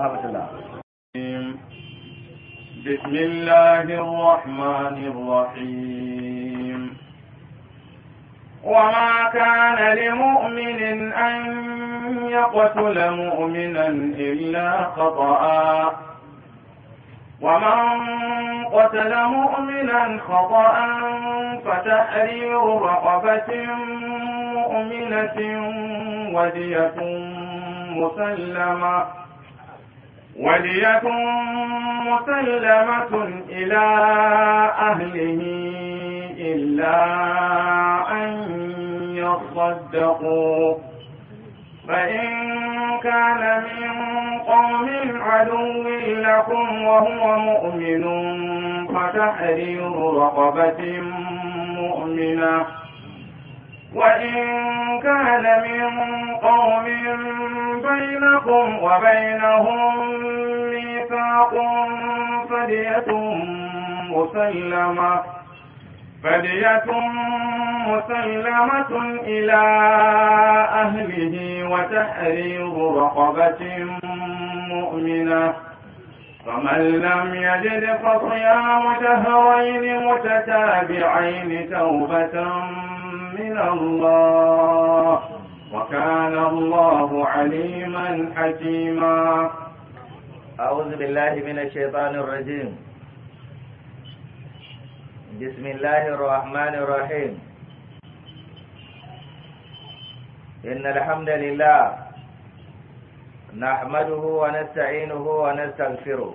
بسم الله الرحمن الرحيم وما كان لمؤمن أن يقتل مؤمنا إلا خطأ ومن قتل مؤمنا خطأ فتحرير رقبة مؤمنة ودية مسلمة وليكن مسلمة إلى أهله إلا أن يصدقوا فإن كان من قوم عدو لكم وهو مؤمن فتحرير رقبة مؤمنة وإن كان من قوم بينكم وبينهم ميثاق فدية مسلمة فدية مسلمة إلى أهله وتحرير رقبة مؤمنة فمن لم يجد فصيام شهرين متتابعين توبة من الله وكان الله عليما حكيما أعوذ بالله من الشيطان الرجيم بسم الله الرحمن الرحيم إن الحمد لله نحمده ونستعينه ونستغفره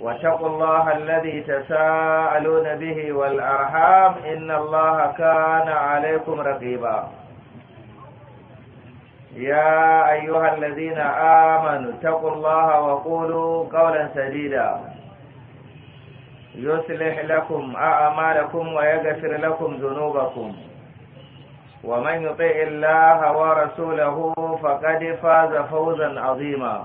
واتقوا الله الذي تساءلون به والأرحام إن الله كان عليكم رقيبا يا أيها الذين آمنوا اتقوا الله وقولوا قولا سديدا يصلح لكم أعمالكم ويغفر لكم ذنوبكم ومن يُطِعِ الله ورسوله فقد فاز فوزا عظيما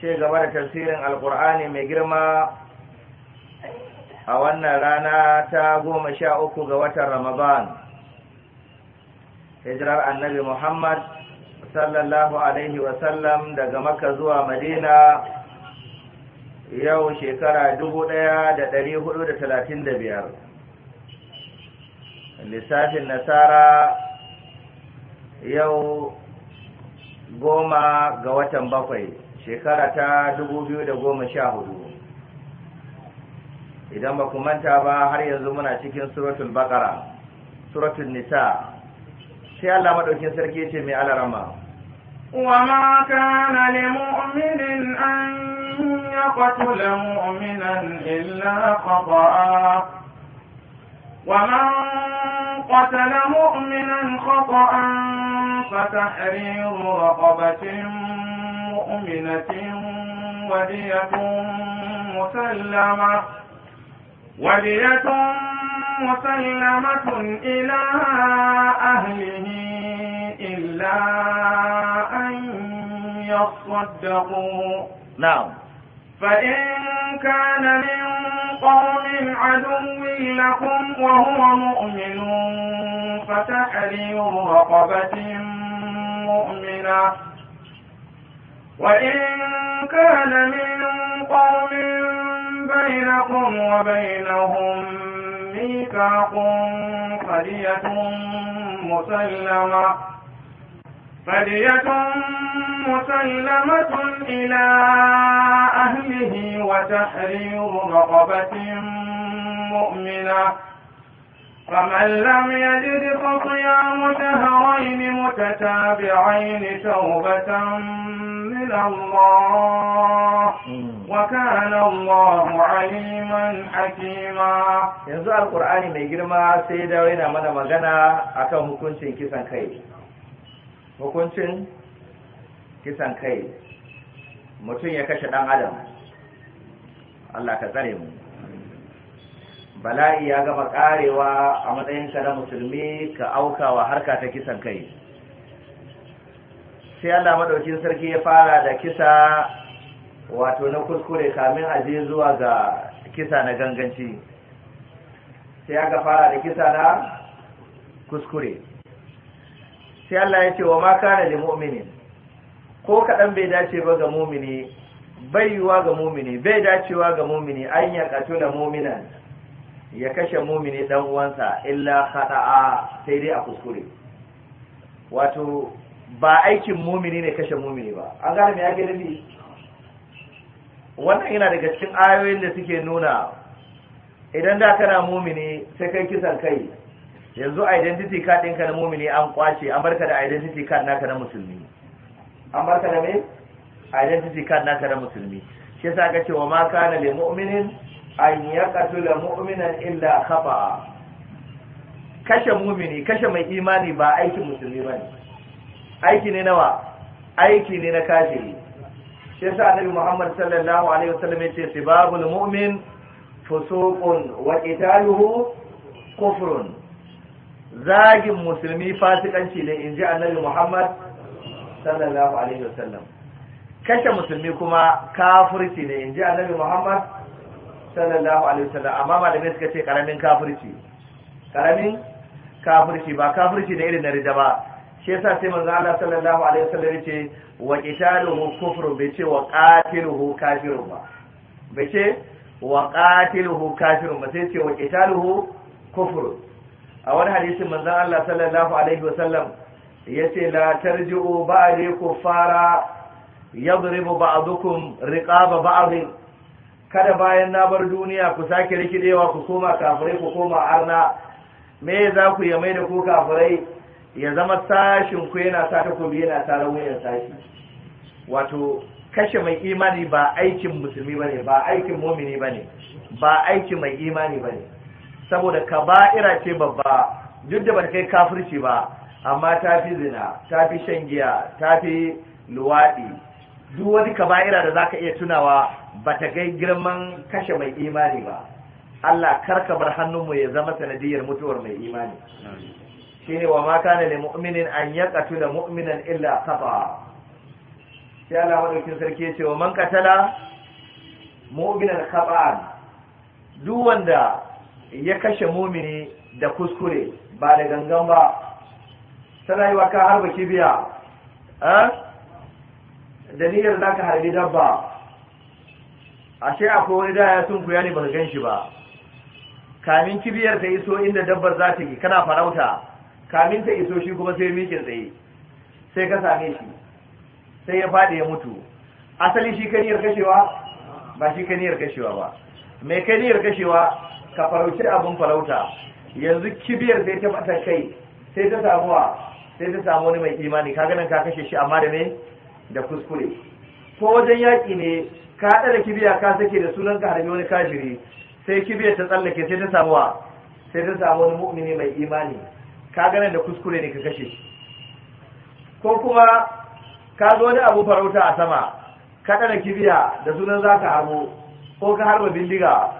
ce gaba da tasirin alkur'ani mai girma a wannan rana ta goma sha uku ga watan ramadan hijirar annabi muhammad sallallahu alaihi wasallam daga makka zuwa madina yau shekara dubu ɗaya da ɗari hudu da talatin da biyar lissafin nasara yau goma ga watan bakwai shekara ta da goma sha hudu. idan ba ku manta ba har yanzu muna cikin suratul baqara suratul nisa sai Allah madaukin sarki ce mai alarama wa ma kana li mu'minin an yaqtula mu'minan illa khata'a ومن قتل مؤمنا خطأ فتحرير رقبة مؤمنة ودية مسلمة ودية مسلمة إلى أهله إلا أن يصدقوا نعم فإن كان من قوم عدو لكم وهو مؤمن فتحرير رقبة مؤمنة وإن كان من قوم بينكم وبينهم ميثاق فدية مسلمة فدية مسلمة إلى أهله وتحرير رقبة مؤمنة فمن لم يجد فصيام شهر متتابعين توبة من الله وكان الله عليما حكيما yanzu alkur'ani mai girma sai da yana mana magana akan hukuncin kisan hukuncin kisan kai mutum ya kashe ɗan adam Allah ka tsare mu bala'i ya gama karewa a matsayinka na musulmi ka auka wa harka ta kisan kai sai Allah madaukin sarki ya fara da kisa wato na kuskure kamin aje zuwa ga kisa na ganganci sai aka fara da kisa na kuskure sai Allah ya ce wa ma kana lil mu'minin ko kadan bai dace ba ga mu'mini baiwa ga mu'mini bai dacewa ga mu'mini an ya da mu'minan ya kashe mu'mini dan uwansa illa khata'a sai dai a kuskure wato ba aikin mumini ne kashe mumini ba an gane me ake nufi wannan yana daga cikin ayoyin da suke nuna idan da kana mumini sai kai kisan kai yanzu identity card ɗinka na mumini an kwace an barka da identity card naka na musulmi an barka da me identity card naka na musulmi shi yasa ka ce wa ma kana lil mu'minin an yaqtula mu'minan illa khata kashe mumini kashe mai imani ba aikin musulmi bane aiki ne nawa aiki ne na kafiri shi yasa annabi Muhammad sallallahu alaihi wasallam yace sibabul mu'min fusuqun wa qitaluhu kufrun zagin musulmi fasikanci ne inji annabi Muhammad sallallahu alaihi wasallam kashe musulmi kuma kafirci ne inji annabi Muhammad sallallahu alaihi wasallam amma malamai suka ce karamin kafirci karamin kafirci ba kafirci da irin na rida ba shi yasa sai manzo Allah sallallahu alaihi wasallam yace wa qitaluhu kufru bai ce wa qatiluhu kafirun ba bai ce wa qatiluhu kafirun ba sai ce wa qitaluhu kufru a wani hadisi manzo Allah sallallahu alaihi wasallam yace la tarji'u ba'di kuffara yadribu ba'dukum riqaba ba'dhi kada bayan na bar duniya ku sake rikidewa ku koma kafirai ku koma arna me za ku yi mai da ku kafirai ya zama sashin ku yana sa takobi yana sa rawayar sashi wato kashe mai imani ba aikin musulmi bane ba aikin mumini bane ba aikin mai imani bane saboda kaba'ira ce babba duk da bata kai kafirci ba amma ta fi zina ta fi shan giya ta fi luwaɗi duk wani kaba'ira da zaka iya tunawa ba ta kai girman kashe mai imani ba Allah karka bar hannunmu ya zama sanadiyar mutuwar mai imani shine wa ma kana lil mu'minin an yaqtula mu'minan illa khata sai Allah madaukin sarki ya ce wa man qatala mu'minan khata'an duk wanda ya kashe mumini da kuskure ba da gangan ba tana yi wa ka harba kibiya da za ka harbi dabba ashe akwai wani daya sun kuya ne ba ka gan shi ba kamin kibiyar ta iso inda dabbar za ta yi kana farauta kamin ta iso shi kuma sai miƙe tsaye sai ka same shi sai ya faɗi ya mutu asali shi kaniyar kashewa ba shi kaniyar kashewa ba mai niyar kashewa ka farauci abin farauta yanzu kibiyar sai ta mata kai sai ta samuwa sai ta samu wani mai imani ka ganin ka kashe shi amma da me da kuskure ko wajen yaƙi ne ka haɗa da kibiya ka sake da sunan ka harbi wani kafiri sai kibiyar ta tsallake sai ta samuwa sai ta samu wani mu'mini mai imani ka ganin da kuskure ne ka kashe shi ko kuma ka zo da abu farauta a sama ka ɗana kibiya da sunan za ka harbo ko ka harba bindiga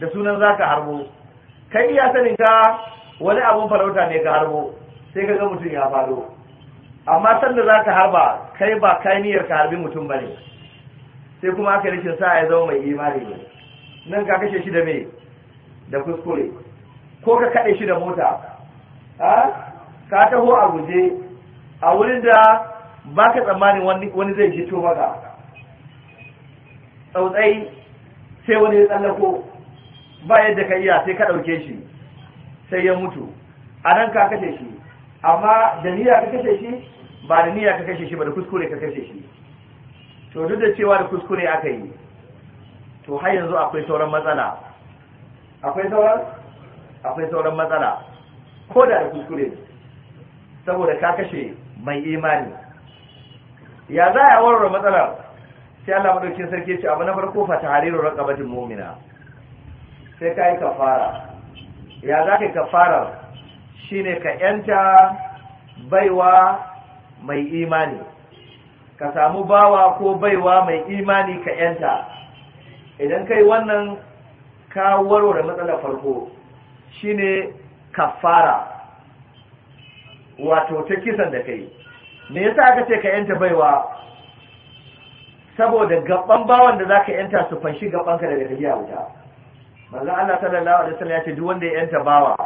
da sunan za ka harbo kai iya sanin ka wani abun farauta ne ka harbo sai ka ga mutum ya faɗo amma sanda za ka harba kai ba kai niyyar ka harbi mutum ba ne sai kuma aka rashin sa ya zama mai imani ne nan ka kashe shi da me da kuskure ko ka kaɗe shi da mota ka taho a guje a wurin da ba ka tsammanin wani zai jito maka tsautsai sai wani ya tsallako ba yadda ka iya sai ka ɗauke shi sai ya mutu a nan ka kashe shi amma da niyya ka kashe shi ba da niyya ka kashe shi ba da kuskure ka kashe shi to duk da cewa da kuskure aka yi to har yanzu akwai sauran matsala akwai sauran akwai sauran matsala ko da kuskure saboda ka kashe mai imani ya za a warware matsalar sai Allah madaukin sarki ce abu na farko fa tahriru raqabatin mu'mina sai kai kafara ya za ka kafara shine ka yanta baiwa mai imani ka samu bawa ko baiwa mai imani ka yanta idan kai wannan ka warware matsalar farko shine kafara wato ta kisan da kai me yasa aka ce ka yanta baiwa saboda gaban bawan da zaka yanta su fanshi gaban ka daga tafiya wuta manzo Allah sallallahu alaihi wasallam ya ce duk wanda ya yanta bawa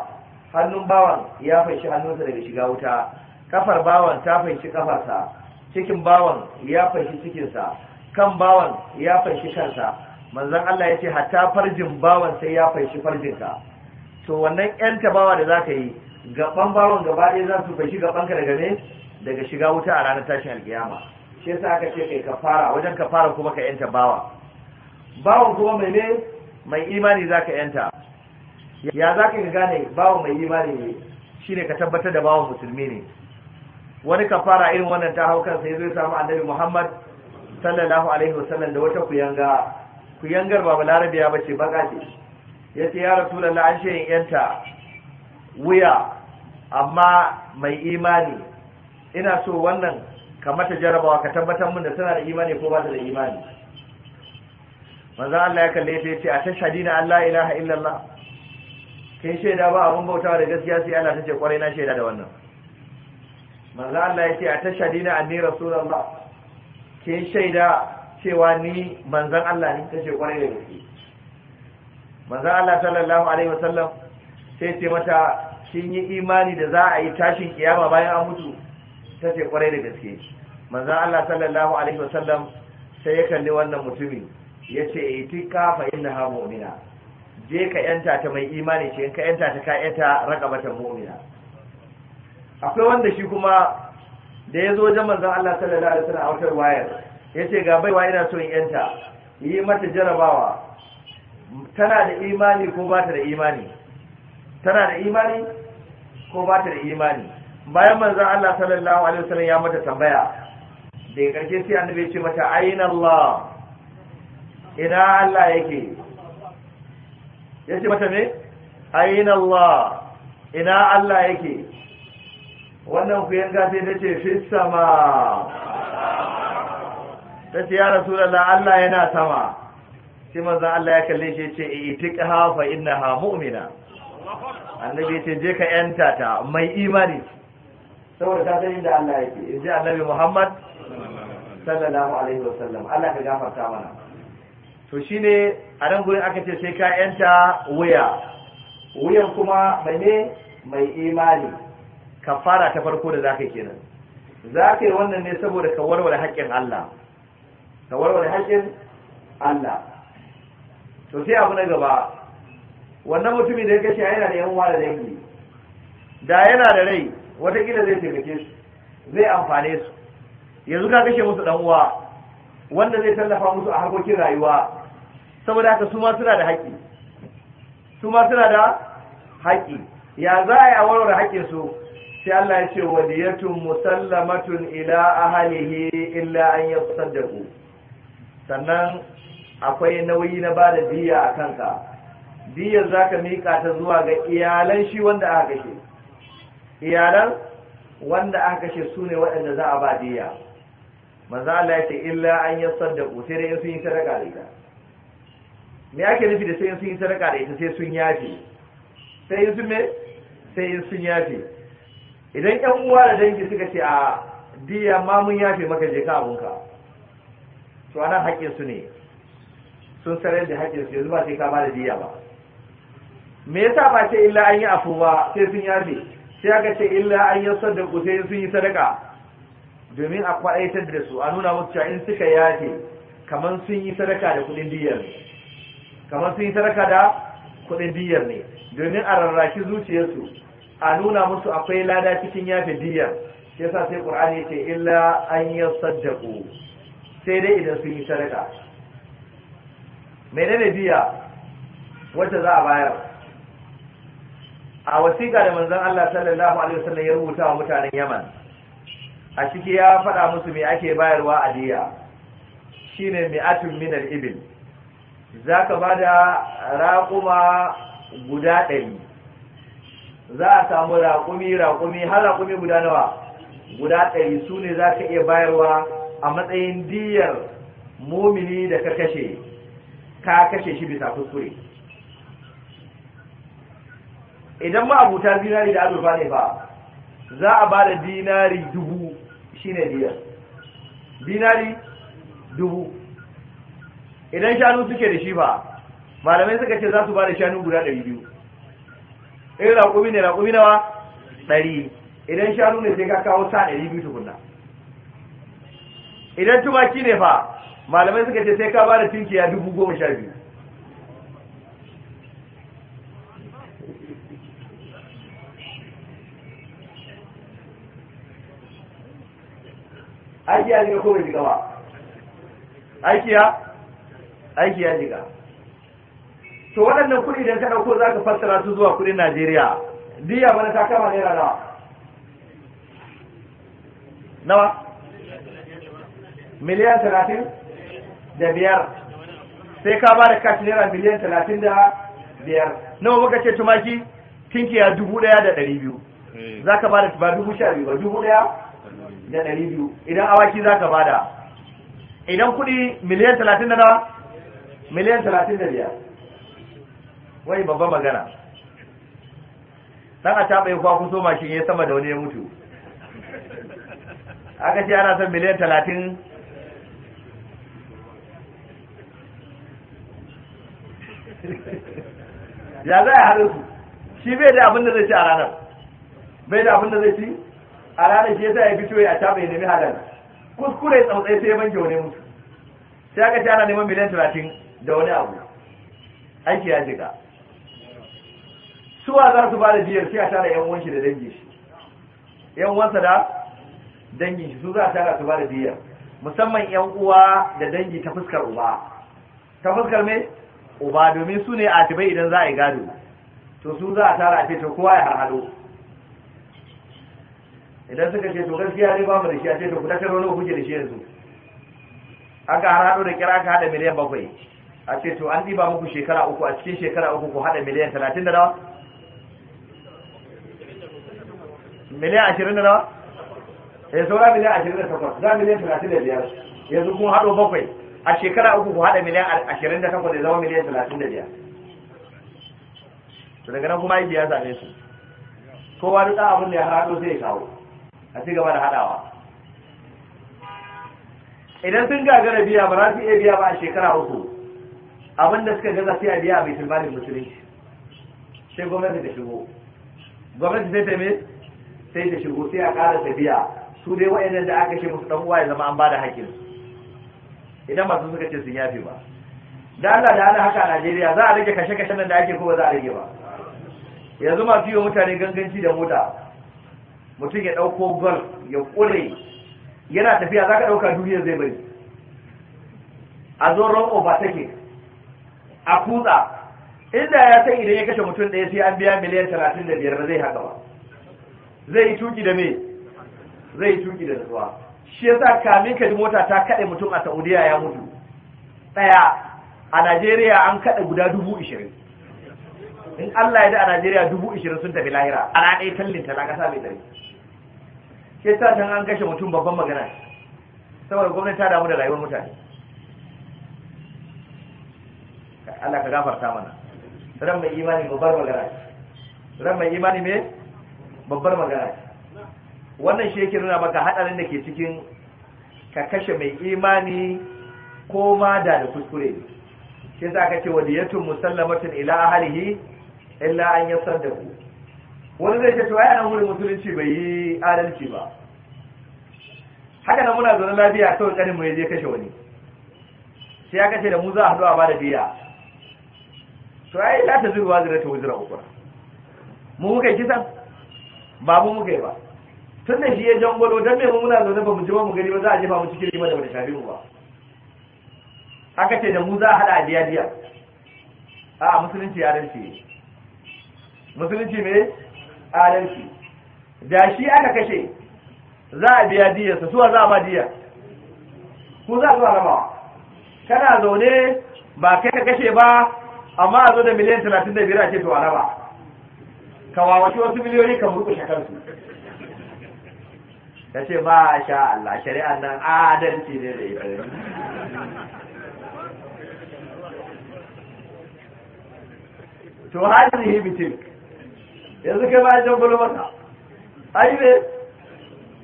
hannun bawan ya fanshi hannunsa daga shiga wuta kafar bawan ta fanshi kafarsa cikin bawan ya fanshi cikinsa kan bawan ya fanshi kansa manzon Allah ya ce hatta farjin bawan sai ya fanshi farjinka to wannan yan tabawa da za ka yi gaban bawan gaba ɗaya za su fashi gabanka daga ne daga shiga wuta a ranar tashin alkiyama shi yasa aka ce kai fara wajen ka fara kuma ka yanta bawa bawan kuma mai ne mai imani za ka yanta ya za ka gane bawan mai imani ne shine ka tabbatar da bawan musulmi ne wani kafara irin wannan ta hau kansa ya zo samu annabi muhammad sallallahu alaihi wasallam da wata kuyanga kuyangar babu Larabiya ba ce baka ce ya ce ya rasu da an yanta wuya amma mai imani ina so wannan ka mata jarabawa ka tabbatar mun da suna da imani ko ba ta da imani manzo Allah ya kalle ta ce a na Allah ilaha illallah kin shaida ba abin bauta da gaskiya sai Allah ce kwarai na shaida da wannan manzo Allah ya ce a tashhadina sunan ba. kin shaida cewa ni manzan Allah ne ce kwarai da gaskiya manzo Allah sallallahu alaihi wasallam sai ce mata kin yi imani da za a yi tashin kiyama bayan an mutu ta ce kwarai da gaske manzo Allah sallallahu alaihi wasallam sai ya kalli wannan mutumin ya ce itika fa innaha mu'mina je ka yanta ta mai imani ce in ka yanta ta ka yanta raqabata mu'mina akwai wanda shi kuma da ya zo wajen manzon Allah sallallahu alaihi wasallam a wutar wayar ya ce ga baiwa ina so in yanta yi mata jarabawa tana da imani ko ba ta da imani tana da imani ko ba ta da imani bayan manzon Allah sallallahu alaihi wasallam ya mata tambaya daga karshe sai annabi ya ce mata aina Allah ina Allah yake ya ce mata me aina Allah ina Allah yake wannan ku yanga sai ta ce fi sama ta ce ya rasulullah Allah yana sama sai manzon Allah ya kalle shi ya ce eh, itiqha fa innaha mu'mina annabi ce je ka yanta ta mai imani saboda ta san inda Allah yake in ji annabi Muhammad sallallahu alaihi wasallam Allah ka gafarta mana to shine a nan gurin aka ce sai ka yanta wuya wuyan kuma mai ne mai imani kafara ta farko da zaka kenan zaka yi wannan ne saboda ka warware haƙƙin Allah ka warware haƙƙin Allah to sai abu na gaba wannan mutumin da ya kashe yana da yan da dangi da yana da rai watakila zai taimake su zai amfane su yanzu ka kashe musu dan uwa wanda zai tallafa musu a harkokin rayuwa saboda haka su ma suna da haƙƙi su ma suna da haƙƙi ya za a yi a warware haƙƙin su sai Allah ya ce diyatun musallamatun ila ahlihi illa an ku. sannan akwai nauyi na ba da diya a kanka diyar za ka miƙa ta zuwa ga iyalan shi wanda aka kashe iyalan wanda aka kashe su ne waɗanda za a ba diya manzo Allah ce illa an saddaku sai dai sun yi sadaka da ita me ake nufi da sai sun yi sadaka da ita sai sun yafe sai sun me sai sun yafe idan ƴan uwa da dangi suka ce a diya ma mun yafe maka je ka abunka to anan haƙƙinsu su ne sun sarar da haƙƙin su yanzu ba sai ka ba da diya ba me yasa ba ce illa an yi afu ba sai sun yafe sai aka ce illa an yi sadaku sai sun yi sadaka domin a kwaɗaitar da su a nuna musu cewa in suka yafe kamar sun yi sadaka da kuɗin diyar ne kamar sun yi sadaka da kuɗin diyar ne domin a rarraki zuciyarsu a nuna musu akwai lada cikin yafe diyar sai sa sai qur'ani ce illa an yi sadaku sai dai idan sun yi sadaka menene biya wacce za a bayar a wasiƙa da manzon Allah sallallahu alaihi wasallam ya rubuta wa mutanen Yaman a ciki ya faɗa musu me ake bayarwa a diya shine mi'atun min al-ibil zaka bada raquma guda ɗari za a samu raƙumi raƙumi har raƙumi guda nawa guda ɗari sune ne za iya bayarwa a matsayin diyar mumini da ka kashe ka kashe shi bisa kuskure idan ma abuta zinari da azurfa ne ba za a ba da dinari dubu shine biyar dinari dubu idan shanu suke da shi ba malamai suka ce za su ba da shanu guda ɗari biyu in raƙumi ne raƙumi nawa ɗari idan shanu ne sai ka kawo sa ɗari biyu tukunna idan tumaki ne fa malamai suka ce sai ka ba da ya dubu goma sha biyu aiki ya shiga ko bai ba aiki ya aiki ya shiga to waɗannan kuɗi idan ka ɗauko za ka fassara su zuwa kuɗin najeriya diya mana ta kama naira nawa nawa miliyan talatin da biyar sai ka ba da kashi naira miliyan talatin da biyar nawa maka ce tumaki tinkiya dubu daya da dari biyu eh. za ka ba da ba dubu sha biyu ba dubu daya da dari biyu idan awaki za ka ba da idan kudi miliyan talatin da nawa miliyan talatin da biyar wai babban magana dan a taɓa yi kwakwun kuso shi ya sama da wani ya mutu aka ce ana son miliyan talatin ya za a haɗe su shi bai da abin da zai ci a ranar bai da abin da zai ci a ranar shi yasa ya fito ya taɓa ya nemi halar kuskure tsautsai sai ya banke wani mutu sai aka ci ana neman miliyan talatin da wani abu aiki ya shiga suwa za su ba da biyar sai a tara yan uwanshi da dangin shi yan uwansa da dangin shi su za a tara su ba da biyar musamman yan uwa da dangi ta fuskar uba ta fuskar me uba domin su ne atibai idan za a yi gado to su za a tara a ce to kowa ya harhado idan suka ce to gaskiya ne ba mu da shi a ce to kuta karo ne kuke da shi yanzu An aka harhado da kira ka hada miliyan bakwai a ce to an ɗiba muku shekara uku a cikin shekara uku ku hada miliyan talatin da nawa miliyan ashirin da nawa ya eh, saura miliyan ashirin da takwas za miliyan talatin da biyar yanzu kuma haɗo bakwai a shekara uku ku haɗa miliyan ashirin da takwas da zama miliyan talatin da biyar to daga nan kuma yi biya same su kowa duk ɗan abin da ya haɗo sai ya kawo a ci gaba da haɗawa idan sun gagara biya ba za su iya biya ba a shekara uku abin da suka gaza sai a biya a baitul malin musulunci sai gwamnati ta shigo gwamnati sai ta sai ta shigo sai a ƙara tafiya su dai wa'yan da aka ce musu ɗan uwa ya zama an ba da hakkinsu idan masu suka ce sun yafe ba da Allah da Allah haka a Najeriya za a rage kashe-kashen nan da ake ko ba za a rage ba yanzu masu yi mutane ganganci da mota mutum ya dauko gol ya kure yana tafiya za ka ɗauka duniya zai bari a zo ba take a kutsa inda ya san idan ya kashe mutum ɗaya sai an biya miliyan talatin da biyar zai haka ba zai yi tuki da me zai yi tuki da nasuwa. shi yasa kamin ka ji mota ta kaɗe mutum a saudiya ya mutu ɗaya a najeriya an kaɗe guda dubu ishirin in allah ya ji a najeriya dubu ishirin sun tafi lahira a tallin ta na ƙasa mai ɗari. shi yasa can an kashe mutum babban magana saboda gwamnati ta damu da rayuwar mutane allah ka gafarta mana ran mai imani babbar magana ran mai imani me babbar magana wannan shi yake nuna maka hadarin da ke cikin ka kashe mai imani ko ma da da kuskure shi za ka ce wa diyatun musallamatin ila ahalihi illa an yasar da ku wani zai ce to ai nan wurin musulunci bai yi adalci ba haka nan muna zaune lafiya kawai kanin mu ya je kashe wani sai ya kace da mu za a haɗu a bada biya. to ai la ta zuwa zira ta wuzira ukura mu muka yi kisan ba mu muka yi ba tun da shi ya jangwalo don mai muna zaune ba mu ji mu gani ba za a jefa mu cikin rima da bata shafi mu ba aka ce da mu za a haɗa a biya biya a musulunci ya adalci musulunci ne adalci da shi aka kashe za a biya su, suwa za a ba biya ku za a zuwa rama kana zaune ba kai ka kashe ba amma a zo da miliyan talatin da biyar a ce to a raba ka wawaci wasu miliyoyi kan murƙushe kansu ta ce ma sha Allah shari'ar nan adalci ne da ita to hadhihi bitik yanzu kai ba jan gulo mata ai ne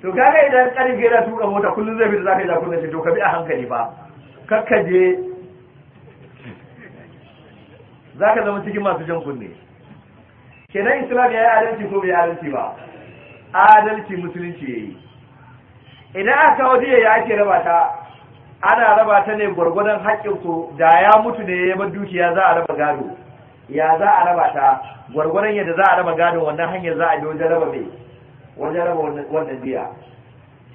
to kaga idan karfe na tuka mota kullum zai fita zaka yi zakun ce to ka bi a hankali ba kakkaje zaka zama cikin masu jan kunne kenan islam ya yi adalci ko bai adalci ba adalci musulunci ya yi idan aka kawo diya ya ake raba ta ana raba ta ne gwargwadon haƙƙin ku da ya mutu ne ya bar dukiya za a raba gado ya za a raba ta gwargwadon yadda za a raba gado wannan hanyar za a yi wajen raba mai wajen raba wannan diya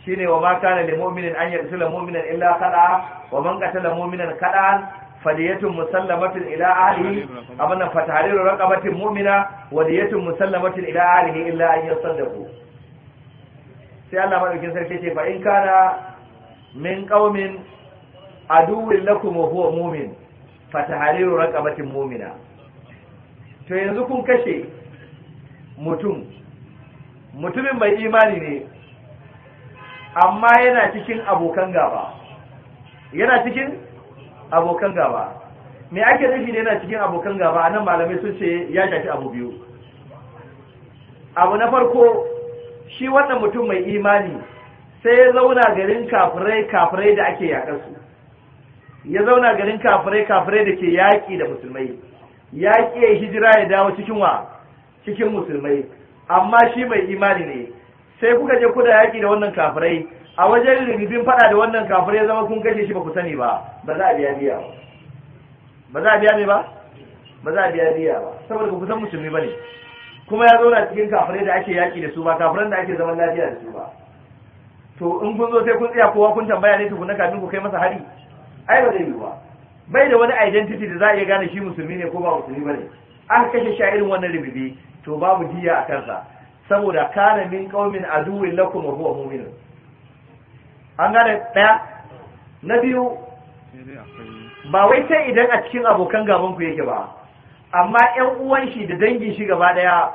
shine wa ma kana lil mu'minin an yaqtula mu'minan illa khata wa man qatala mu'minan khatan fadiyatun musallamatin ila ahlihi amana fatahiru raqabatin mu'mina wa diyatun musallamatin ila ahlihi illa an yasaddaqu sai Allah madaukin sarki ce fa in kana min qaumin aduwwin lakum wa huwa mu'min fatahariru raqabatin mu'mina to yanzu kun kashe mutum mutumin mai imani ne amma yana cikin abokan gaba yana cikin abokan gaba me ake nufi ne yana cikin abokan gaba anan malamai sun ce ya shafi abu biyu abu na farko shi wannan mutum mai imani sai ya zauna garin kafirai kafirai da ake yaƙarsu, ya zauna garin kafirai kafirai da ke yaƙi da musulmai yaƙi ya hijira ya dawo cikin wa cikin musulmai amma shi mai imani ne sai kuka je kuda yaƙi da wannan kafirai a wajen rigidin faɗa da wannan kafirai zama kun kashe shi ba ku sani ba ba za a biya biya ba ba za a biya ba ba za a biya biya ba saboda ku kusan musulmi ba ne kuma ya zauna cikin kafirai da ake yaki da su ba kafiran da ake zaman lafiya da su ba to in kun zo sai kun tsaya kowa kun tambaya ne tukuna kafin ku kai masa hari ai ba zai yi ba bai da wani identity da za a iya gane shi musulmi ne ko ba musulmi bane an kashe sha'irin wannan rububi to babu jiya a kansa saboda kana min qaumin aduwwin lakum wa huwa mu'min an gane daya na biyu ba wai sai idan a cikin abokan gaban ku yake ba amma ƴan uwan shi da dangin shi gaba ɗaya,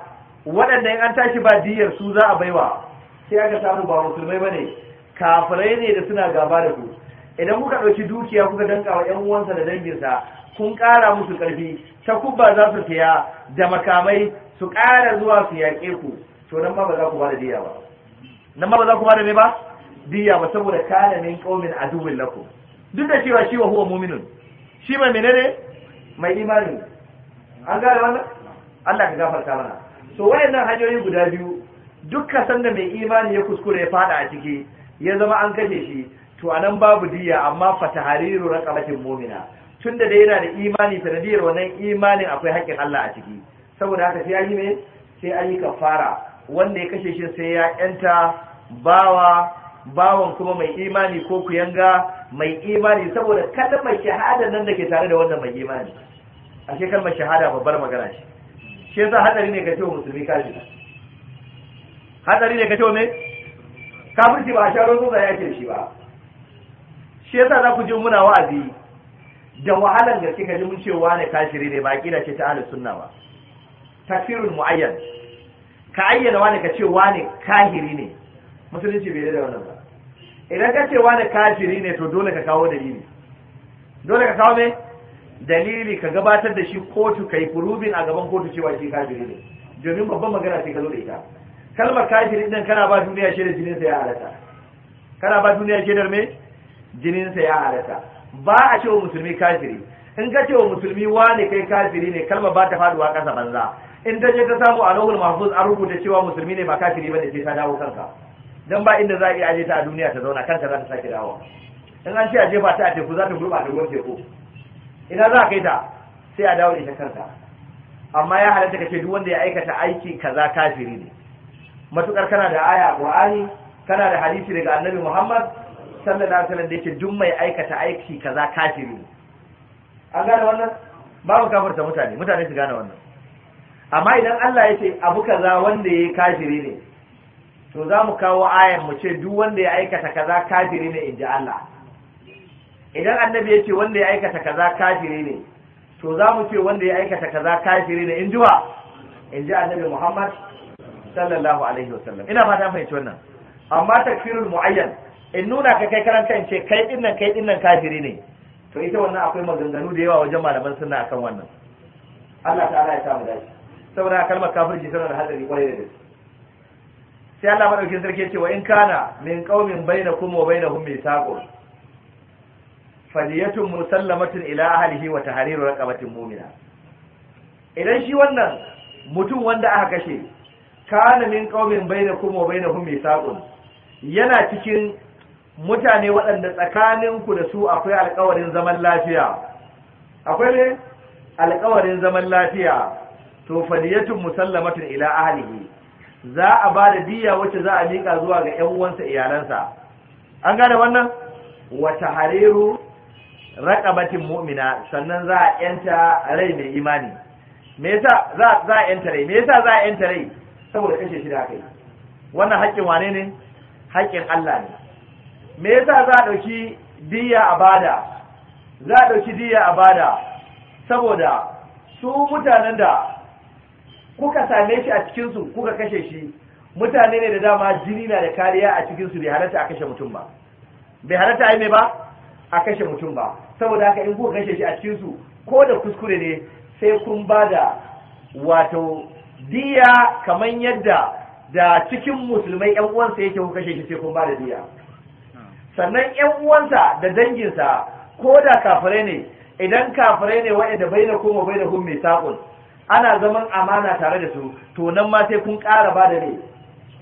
waɗanda in an tashi ba diyar su za a baiwa sai aka samu ba musulmai bane kafirai ne da suna gaba da ku idan kuka ɗauki dukiya kuka danka wa ƴan uwansa da danginsa kun ƙara musu ƙarfi ta kubba za su siya da makamai su ƙara zuwa su yaƙe ku to nan ba za ku ba da diya ba nan ba za ku ba da me ba diya ba saboda kana min qaumin aduwwin lakum duk da cewa shi wa huwa mu'minun shi mai menene mai imani an gane wannan Allah ka gafarta mana so wayannan hanyoyi guda biyu dukkan sanda mai imani ya kuskure ya fada a ciki ya zama an kashe shi to anan babu diyya amma fatahariru raqabatin mu'mina tunda da yana da imani sanadiyar wannan imanin akwai haƙƙin Allah a ciki saboda haka sai yi me sai an kafara wanda ya kashe shi sai ya yanta bawa bawan kuma mai imani ko kuyanga mai imani saboda kada mai shahada nan da ke tare da wannan mai imani a kalmar shahada babbar magana ce shi yasa hadari ne ka ce musulmi kafiri hadari ne ka ce me kafirci ba a sharon zuwa ya ce shi ba shi yasa za ku ji muna wa'azi da wahalan gaske ka ji mun cewa ne kafiri ne ba kila ce ta ahlus sunna ba takfirul muayyan ka ayyana wani ka ce wani kahiri ne musulunci bai da wannan ba idan ka ce wani kafiri ne to dole ka kawo dalili dole ka kawo me dalili ka gabatar da shi kotu kai furubin a gaban kotu cewa shi kafiri ne domin babban magana ce ka zo da ita kalmar kafiri din kana ba duniya shaidar jinin sa ya halata kana ba duniya shaidar me jinin sa ya halata ba a cewa musulmi kafiri in ka cewa musulmi wane kai kafiri ne kalma ba ta faduwa kasa banza in ta je ta samu a lawul mahfuz an rubuta cewa musulmi ne ba kafiri bane sai ta dawo kanka dan ba inda za a iya aje ta a duniya ta zauna kanka za ta sake dawo in an ce aje ba ta a teku za ta da ruwan teku ina za ka yi ta sai a dawo da ita karta amma ya halatta kace duk wanda ya aikata aiki kaza kafiri ne matukar kana da aya qur'ani kana da hadisi daga annabi muhammad sallallahu alaihi wasallam da yake duk mai aikata aiki kaza kafiri ne an gane wannan babu kafirta mutane mutane su gane wannan amma idan Allah ya ce abu kaza wanda ya kafiri ne to za mu kawo ayan mu ce duk wanda ya aikata kaza kafiri ne inji Allah idan annabi ya ce wanda ya aikata kaza kafiri ne to za mu ce wanda ya aikata kaza kafiri ne in ji wa in ji annabi muhammad sallallahu alaihi wasallam ina fata fahimci wannan amma takfirul muayyan in nuna ka kai karanta in ce kai nan kai nan kafiri ne to ita wannan akwai maganganu da yawa wajen malaman sunna akan wannan Allah ta'ala ya samu dace saboda kalmar kafirci tana da hadari kwarai da gaske sai Allah madaukin sarki ya ce wa in kana min qaumin bainakum wa bainahum mithaqun fadiyatun musallamatun ila ahlihi wa tahriru raqabatin mu'mina idan shi wannan mutum wanda aka kashe kana min qaumin bainakum wa bainahum misaqun yana cikin mutane waɗanda ku da su akwai alƙawarin zaman lafiya akwai ne alƙawarin zaman lafiya to fadiyatun musallamatun ila ahlihi za a ba da diya wacce za a miƙa zuwa ga ƴan uwansa iyalansa an gane wannan wata hariru raqabatin mu'mina sannan za a yanta rai mai imani me yasa za za a yanta rai me yasa za a yanta rai saboda kashe shi da kai wannan haƙƙin wane ne haƙƙin Allah ne me yasa za a dauki diya abada za a dauki diya a bada saboda su mutanen da kuka same shi a cikin su kuka kashe shi mutane ne da dama jini na da kariya a cikin su bai halatta a kashe mutum ba bai halatta ai me ba a kashe mutum ba saboda haka in kuka kashe shi a cikin su ko da kuskure ne sai kun ba da wato diya kamar yadda da cikin musulmai yan uwansa yake kuka kashe shi sai kun ba da diya sannan yan uwansa da danginsa ko da kafirai ne idan kafirai ne waɗanda bai da koma bai da hun mai saƙon ana zaman amana tare da su to nan ma sai kun ƙara ba da ne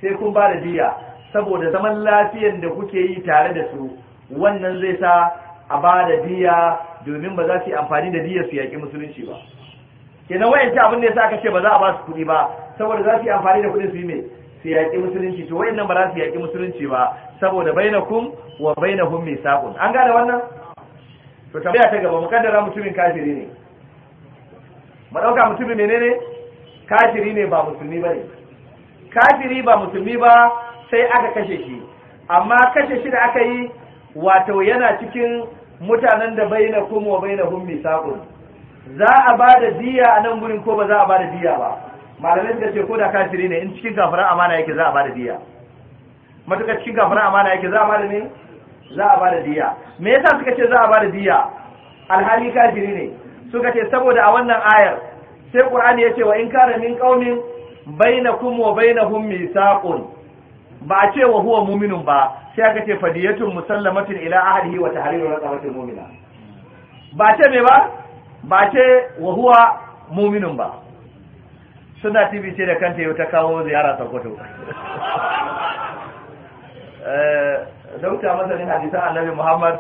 sai kun ba da diya saboda zaman lafiyan da kuke yi tare da su wannan zai sa a ba da diya domin ba za su yi amfani da diya su yaƙi musulunci ba kenan wayanci abin da ya sa aka ce ba za a ba su kuɗi ba saboda za su yi amfani da kuɗin su yi mai su yaƙi musulunci to wayannan ba za su yaƙi musulunci ba saboda bainakum wa bainahum saƙon. an gane wannan to tambaya ta gaba mukaddara mutumin kafiri ne mu ɗauka mutumin menene kafiri ne ba musulmi ba ne kafiri ba musulmi ba sai aka kashe shi amma kashe shi da aka yi wato yana cikin mutanen da na kum wa na hum misaqun za a ba da diya a nan gurin ko ba za a ba da diya ba malamai suka ce ko da kafiri ne in cikin kafiran amana yake za a ba da diya matuka cikin kafiran amana yake za a ba da ne za a ba da diya me yasa suka ce za a ba da diya alhali kafiri ne suka ce saboda a wannan ayar sai qur'ani ya ce wa in kana min qaumin bainakum wa bainahum misaqun ba a ce wa huwa muminun ba sai aka ce fadiyatun musallamatin ila ahadihi wa tahriru raqabatin mu'mina ba ce me ba ba ce wa huwa muminun ba suna tv ce da kanta yau ta kawo ziyara sokoto dauka eh, masanin hadisan annabi muhammad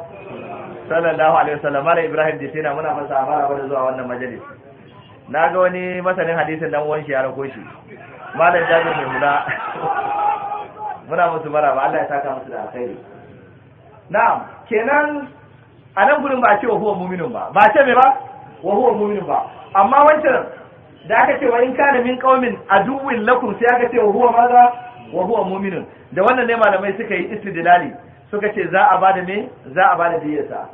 sallallahu alaihi wasallam mala ibrahim jisina muna masa amara wani zuwa wannan majalis na ga wani masanin hadisin dan uwan shi ya rako shi malam jabir mai mula muna musu maraba Allah ya saka musu da alkhairi na'am kenan a nan gurin ba ce wa huwa mu'minun ba ba ce me ba wa huwa mu'minun ba amma wancan da aka ce wa in kana min qaumin aduwwin lakum sai aka ce wa huwa maza wa huwa mu'minun da wannan ne malamai suka yi istidlali suka ce za a bada me za a bada diyarsa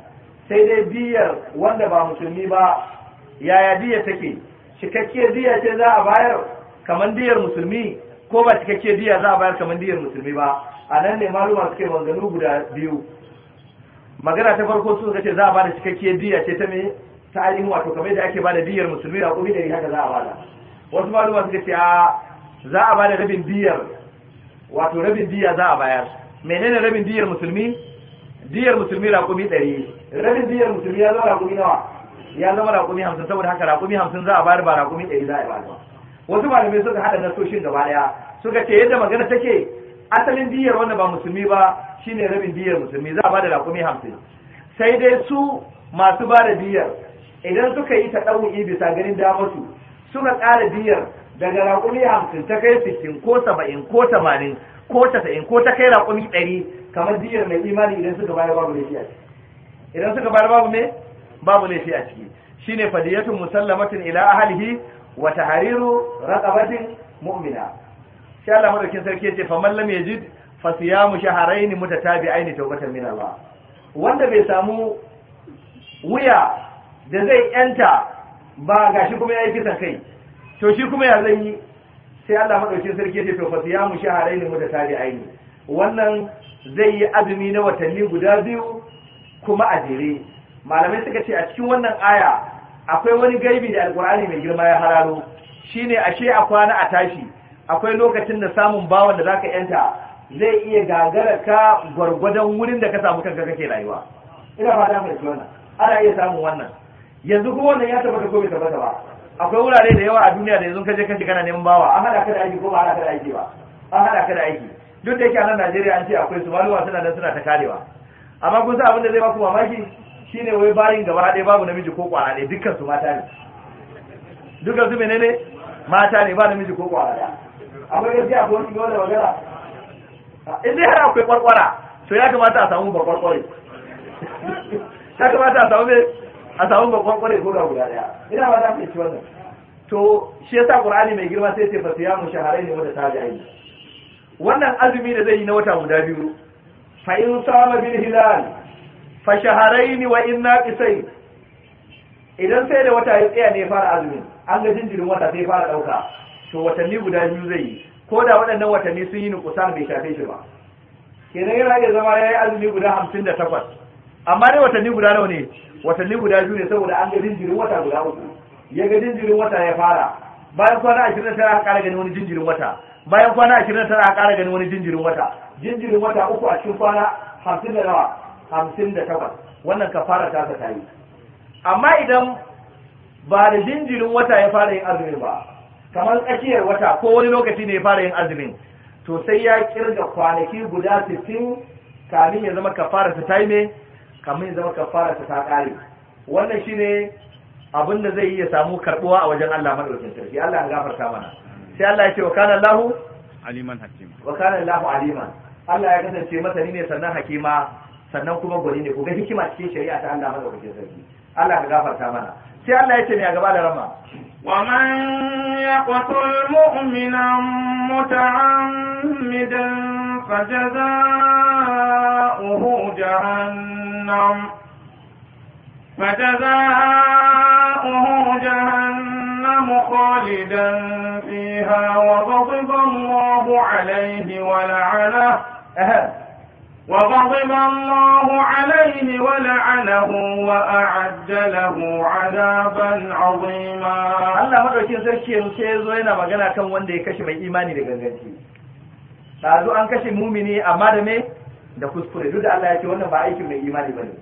sai dai biyar wanda ba musulmi ba yaya diyyar take cikakkiyar diyyar ce za a bayar kamar diyyar musulmi ko ba cikakke diya za a bayar kamar diyar musulmi ba a nan ne maluma suke maganganu guda biyu magana ta farko sun ce za a bada cikakke diya ce ta me ta ainihin wato kamar yadda ake bada diyar musulmi da kuma dari haka za a bada wasu maluma suka ce a za a bada rabin diyar wato rabin diya za a bayar menene rabin diyar musulmi diyar musulmi raƙumi ɗari rabin diyar musulmi ya zama raƙumi nawa ya zama raƙumi hamsin saboda haka raƙumi hamsin za a bayar ba raƙumi ɗari za a bayar ba wasu malamai suka hada soshin gaba daya suka ce yadda magana take asalin diyar wanda ba musulmi ba shine rabin diyar musulmi za a bada rakumi hamsin sai dai su masu bada diyar idan suka yi ta ɗau'i bisa ganin damarsu suka ƙara diyar daga rakumi hamsin ta kai sittin ko saba'in ko tamanin ko tasa'in ko ta kai rakumi ɗari kamar diyar mai imani idan suka bayar babu laifi a ciki idan suka bayar babu me babu laifi a ciki shine fadiyatun musallamatin ila ahlihi wa tahriru raqabatin mu'mina sai Allah madaukin sarki yace fa man lam yajid fa siyamu shahrayn mutatabi'ain tawbatan min Allah wanda bai samu wuya da zai yanta ba gashi kuma yayi kisan kai to shi kuma ya zan yi sai Allah madaukin sarki yace fa siyamu shahrayn mutatabi'ain wannan zai yi azumi na watanni guda biyu kuma a jere malamai suka ce a cikin wannan aya akwai wani gaibi da alkur'ani mai girma ya hararo shine ashe a kwana a tashi akwai lokacin da samun bawan da zaka yanta zai iya gagara ka gwargwadon wurin da ka samu kanka kake rayuwa ina fata mai wannan ana iya samun wannan yanzu kuma wannan ya tabbata ko bai tabbata ba akwai wurare da yawa a duniya da yanzu kaje je ka neman bawa an hada ka da aiki ko ba hada aiki ba an hada ka da aiki duk da yake a nan Najeriya an ce akwai su maluwa suna nan suna ta karewa amma kun san abin da zai ba ku mamaki shine wai bayin gaba ɗaya babu namiji ko kwara ɗaya dukkan su mata ne dukkan su menene mata ne ba namiji ko kwara ɗaya akwai gaskiya ko wani da magana in dai har akwai kwarkwara to ya kamata a samu bakwarkware ya kamata a samu a samu bakwarkware ko ga guda ɗaya ina ba za ku ci wannan to shi yasa qur'ani mai girma sai ce ne wanda ta tabi'ain wannan azumi da zai yi na wata guda biyu fa in sama bil hilal fa shaharaini wa in naqisai idan sai da wata ya tsaya ne ya fara azumin an ga jinjirin wata sai fara dauka to watanni guda biyu zai yi ko da waɗannan watanni sun yi nukusan bai shafe shi ba kenan yana iya zama ya yi azumi guda hamsin da takwas amma dai watanni guda nawa ne watanni guda biyu ne saboda an ga jinjirin wata guda uku ya ga jinjirin wata ya fara bayan kwana ashirin da tara aka ƙara ganin wani jinjirin wata bayan kwana ashirin da tara aka ƙara ganin wani jinjirin wata jinjirin wata uku a cikin kwana hamsin da nawa hamsin da takwas wannan kafara ta ta yi amma idan ba da jinjirin wata ya fara yin azumin ba kamar tsakiyar wata ko wani lokaci ne ya fara yin azumin to sai ya kirga kwanaki guda sittin kamin ya zama kafara ta ta me kamin ya zama kafara ta ta kare wannan shine abin da zai iya samu karbuwa a wajen Allah madaukakin sarki Allah ya gafarta mana sai Allah ya ce wa kana Allahu aliman hakim wa kana Allahu aliman Allah ya kasance masani ne sannan hakima sannan kuma gwani ne ko ga hikima cikin shari'a ta Allah maza wajen sarki Allah ka gafarta mana sai Allah yace ne a gaba da rama wa man yaqtul mu'mina muta'ammidan fajaza'uhu jahannam فجزاؤه جهنم خالدا فيها وغضب الله wa ولعنه وغضب الله عليه ولعنه وأعد له عذابا عظيما الله madaukin sarki yanzu sai zo yana magana kan wanda ya kashe mai imani da ganganci dazu an kashe mumini amma da da kuskure duk da Allah ya ce wannan ba aikin mai imani bane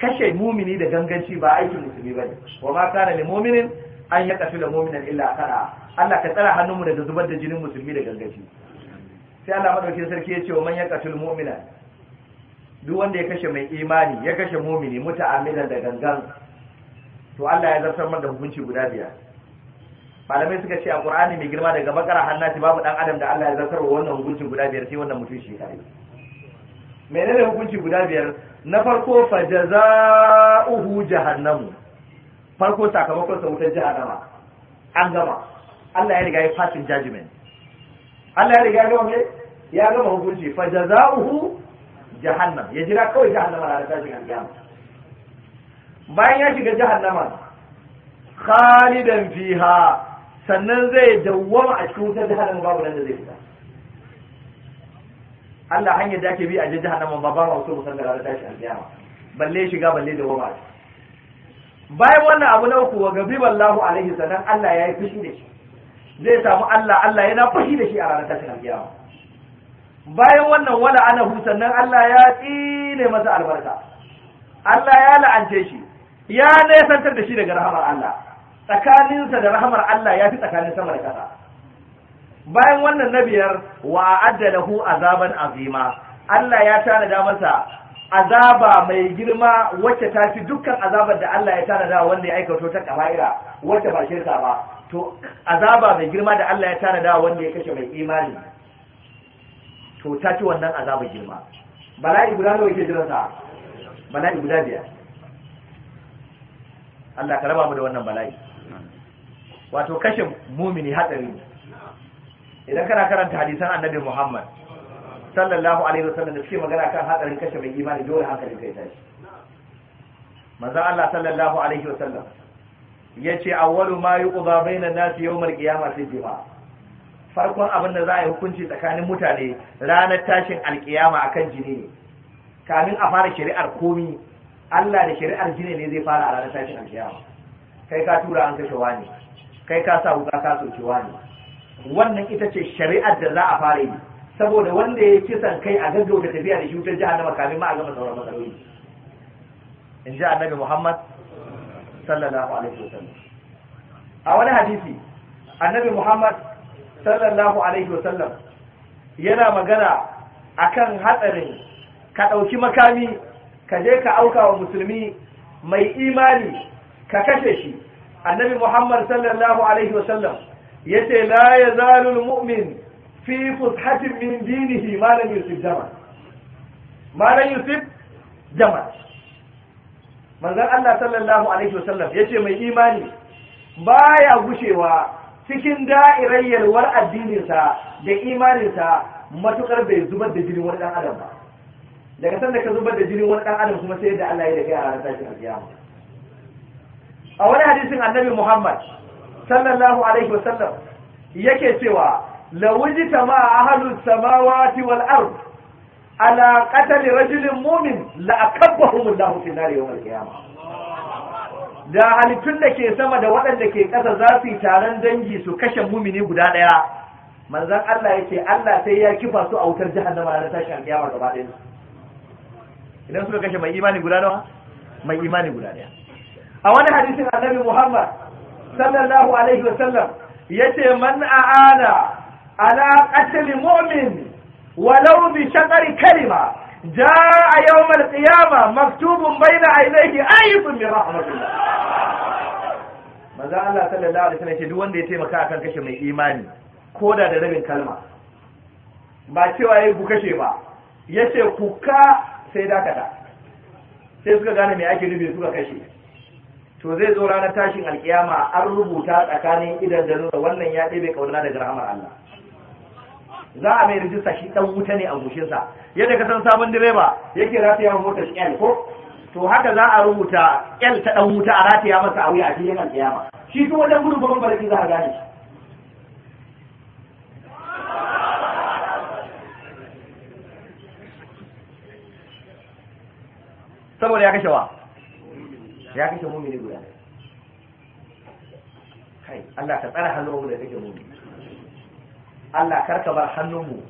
kashe mumini da ganganci ba aikin musulmi bane wa ma kana lil mu'minin an yaqtula mu'minan illa qara Allah ka tsara hannunmu daga zubar da jinin musulmi da ganganci sai Allah madaukin sarki ya ce wa man yaqtul mu'mina duk wanda ya kashe mai imani ya kashe mumini muta'amilan da gangan to Allah ya zartar da hukunci guda biyar malamai suka ce a Qur'ani mai girma daga bakara hannati babu dan adam da Allah ya zartar wa wannan hukunci guda biyar sai wannan mutum shi kare menene hukunci guda biyar na farko fa jazaa'uhu jahannamu farko sakamakon sa wutar jahannama an gama Allah ya riga ya fasin judgment Allah ya riga ya gama ya gama hukunci fa jazaa'uhu jahannam ya jira kawai jahannama na tashin alƙiyama bayan ya shiga jahannama khalidan fiha sannan zai dawwama a cikin wutar jahannama babu nan da zai fita Allah hanyar da ake bi a jahannama ba ba ma so musan da ranar tashin alƙiyama balle shiga balle dawwama bayan wannan abu na uku wa gabi wallahu alaihi sannan Allah ya yi fushi da shi zai samu Allah Allah yana fushi da shi a ranar tashin alƙiyama bayan wannan wala anahu sannan Allah ya tsine masa albarka Allah ya la'ance shi ya nesantar da shi daga rahamar Allah tsakaninsa da rahamar Allah ya fi tsakanin sama da kasa bayan wannan na biyar wa adda lahu azaban azima Allah ya tanada masa azaba mai girma wacce ta fi dukkan azabar da Allah ya tanada wanda ya aikato ta kaba'ira wacce ba shirka ba to azaba mai girma da Allah ya tanada wanda ya kashe mai imani to ta ci wannan azabar girma bala'i guda nawa yake jiran sa bala'i guda biyar Allah ka raba mu da wannan bala'i wato kashe mumini hadari ne idan kana karanta hadisan annabi Muhammad sallallahu alaihi wasallam da suke magana kan hadarin kashe mai imani dole hankali kai tashi manzo Allah sallallahu alaihi wasallam yace awwalu ma yuqda bainan nasi yawmal qiyamah sijfa farkon abin da za a yi hukunci tsakanin mutane ranar tashin alkiyama akan jini ne kamin a fara shari'ar komi Allah da shari'ar jini ne zai fara a ranar tashin alkiyama kai ka tura an kashe wani kai ka sa wuka ka soke wani wannan ita ce shari'ar da za a fara yi saboda wanda ya kisan kai a gaggauta tafiya da shi wutar jihar kamin ma a gama sauran matsaloli in ji annabi Muhammad sallallahu alaihi wasallam a wani hadisi annabi Muhammad sallallahu alaihi wasallam yana magana akan hatsarin ka ɗauki makami ka je ka auka wa musulmi mai imani ka kashe shi annabi muhammad sallallahu alaihi wasallam ya ce la ya zalul mu'min fi fushatin min dinihi malam yusuf jama malam yusuf jama manzon allah sallallahu alaihi wasallam ya ce mai imani baya gushewa cikin da'irayyar war addininsa da imaninsa matukar bai zubar da jinin wani dan adam ba daga sanda ka zubar da jinin wani dan adam kuma sai da Allah ya daga a tashin alkiyama a wani hadisin annabi Muhammad sallallahu alaihi wasallam yake cewa la wujita ma ahlu samawati wal ard ala qatl rajulin mu'min la akabbahu Allahu fi nar yawm al-qiyamah da halittun da ke sama da waɗanda ke ƙasa za su yi taron dangi su kashe mumini guda ɗaya manzan Allah yake Allah sai ya kifa su a wutar jihar jahannama ranar tashin yawon gaba ɗaya idan suka kashe mai imani guda nawa mai imani guda ɗaya a wani hadisin annabi Muhammad sallallahu alaihi wasallam yace man a'ana ala qatl mu'min walau bi shaqari kalima جاء يوم القيامة مكتوب بين عينيه أيض من رحمة الله maza Allah sallallahu alaihi wasallam ce duk wanda ya taimaka akan kashe mai imani ko da da rabin kalma ba cewa yayi ku kashe ba yace ku ka sai da kada sai suka gane me ake nufi suka kashe to zai zo ranar tashin alkiyama an rubuta tsakanin idan da wannan ya ɗebe kauna daga rahmar Allah za a mai rijista shi dan wuta ne a goshinsa yadda ka san sabon direba yake rataya shi L ko to haka za a rubuta L ta dan wuta a rataya masa a wuya a kan tsiyama. shi kuma dan gudun babban barki za a gane shi saboda ya kashe wa ya kashe mumini guda kai Allah ka tsara hannu da kake mumini Allah karka bar hannunmu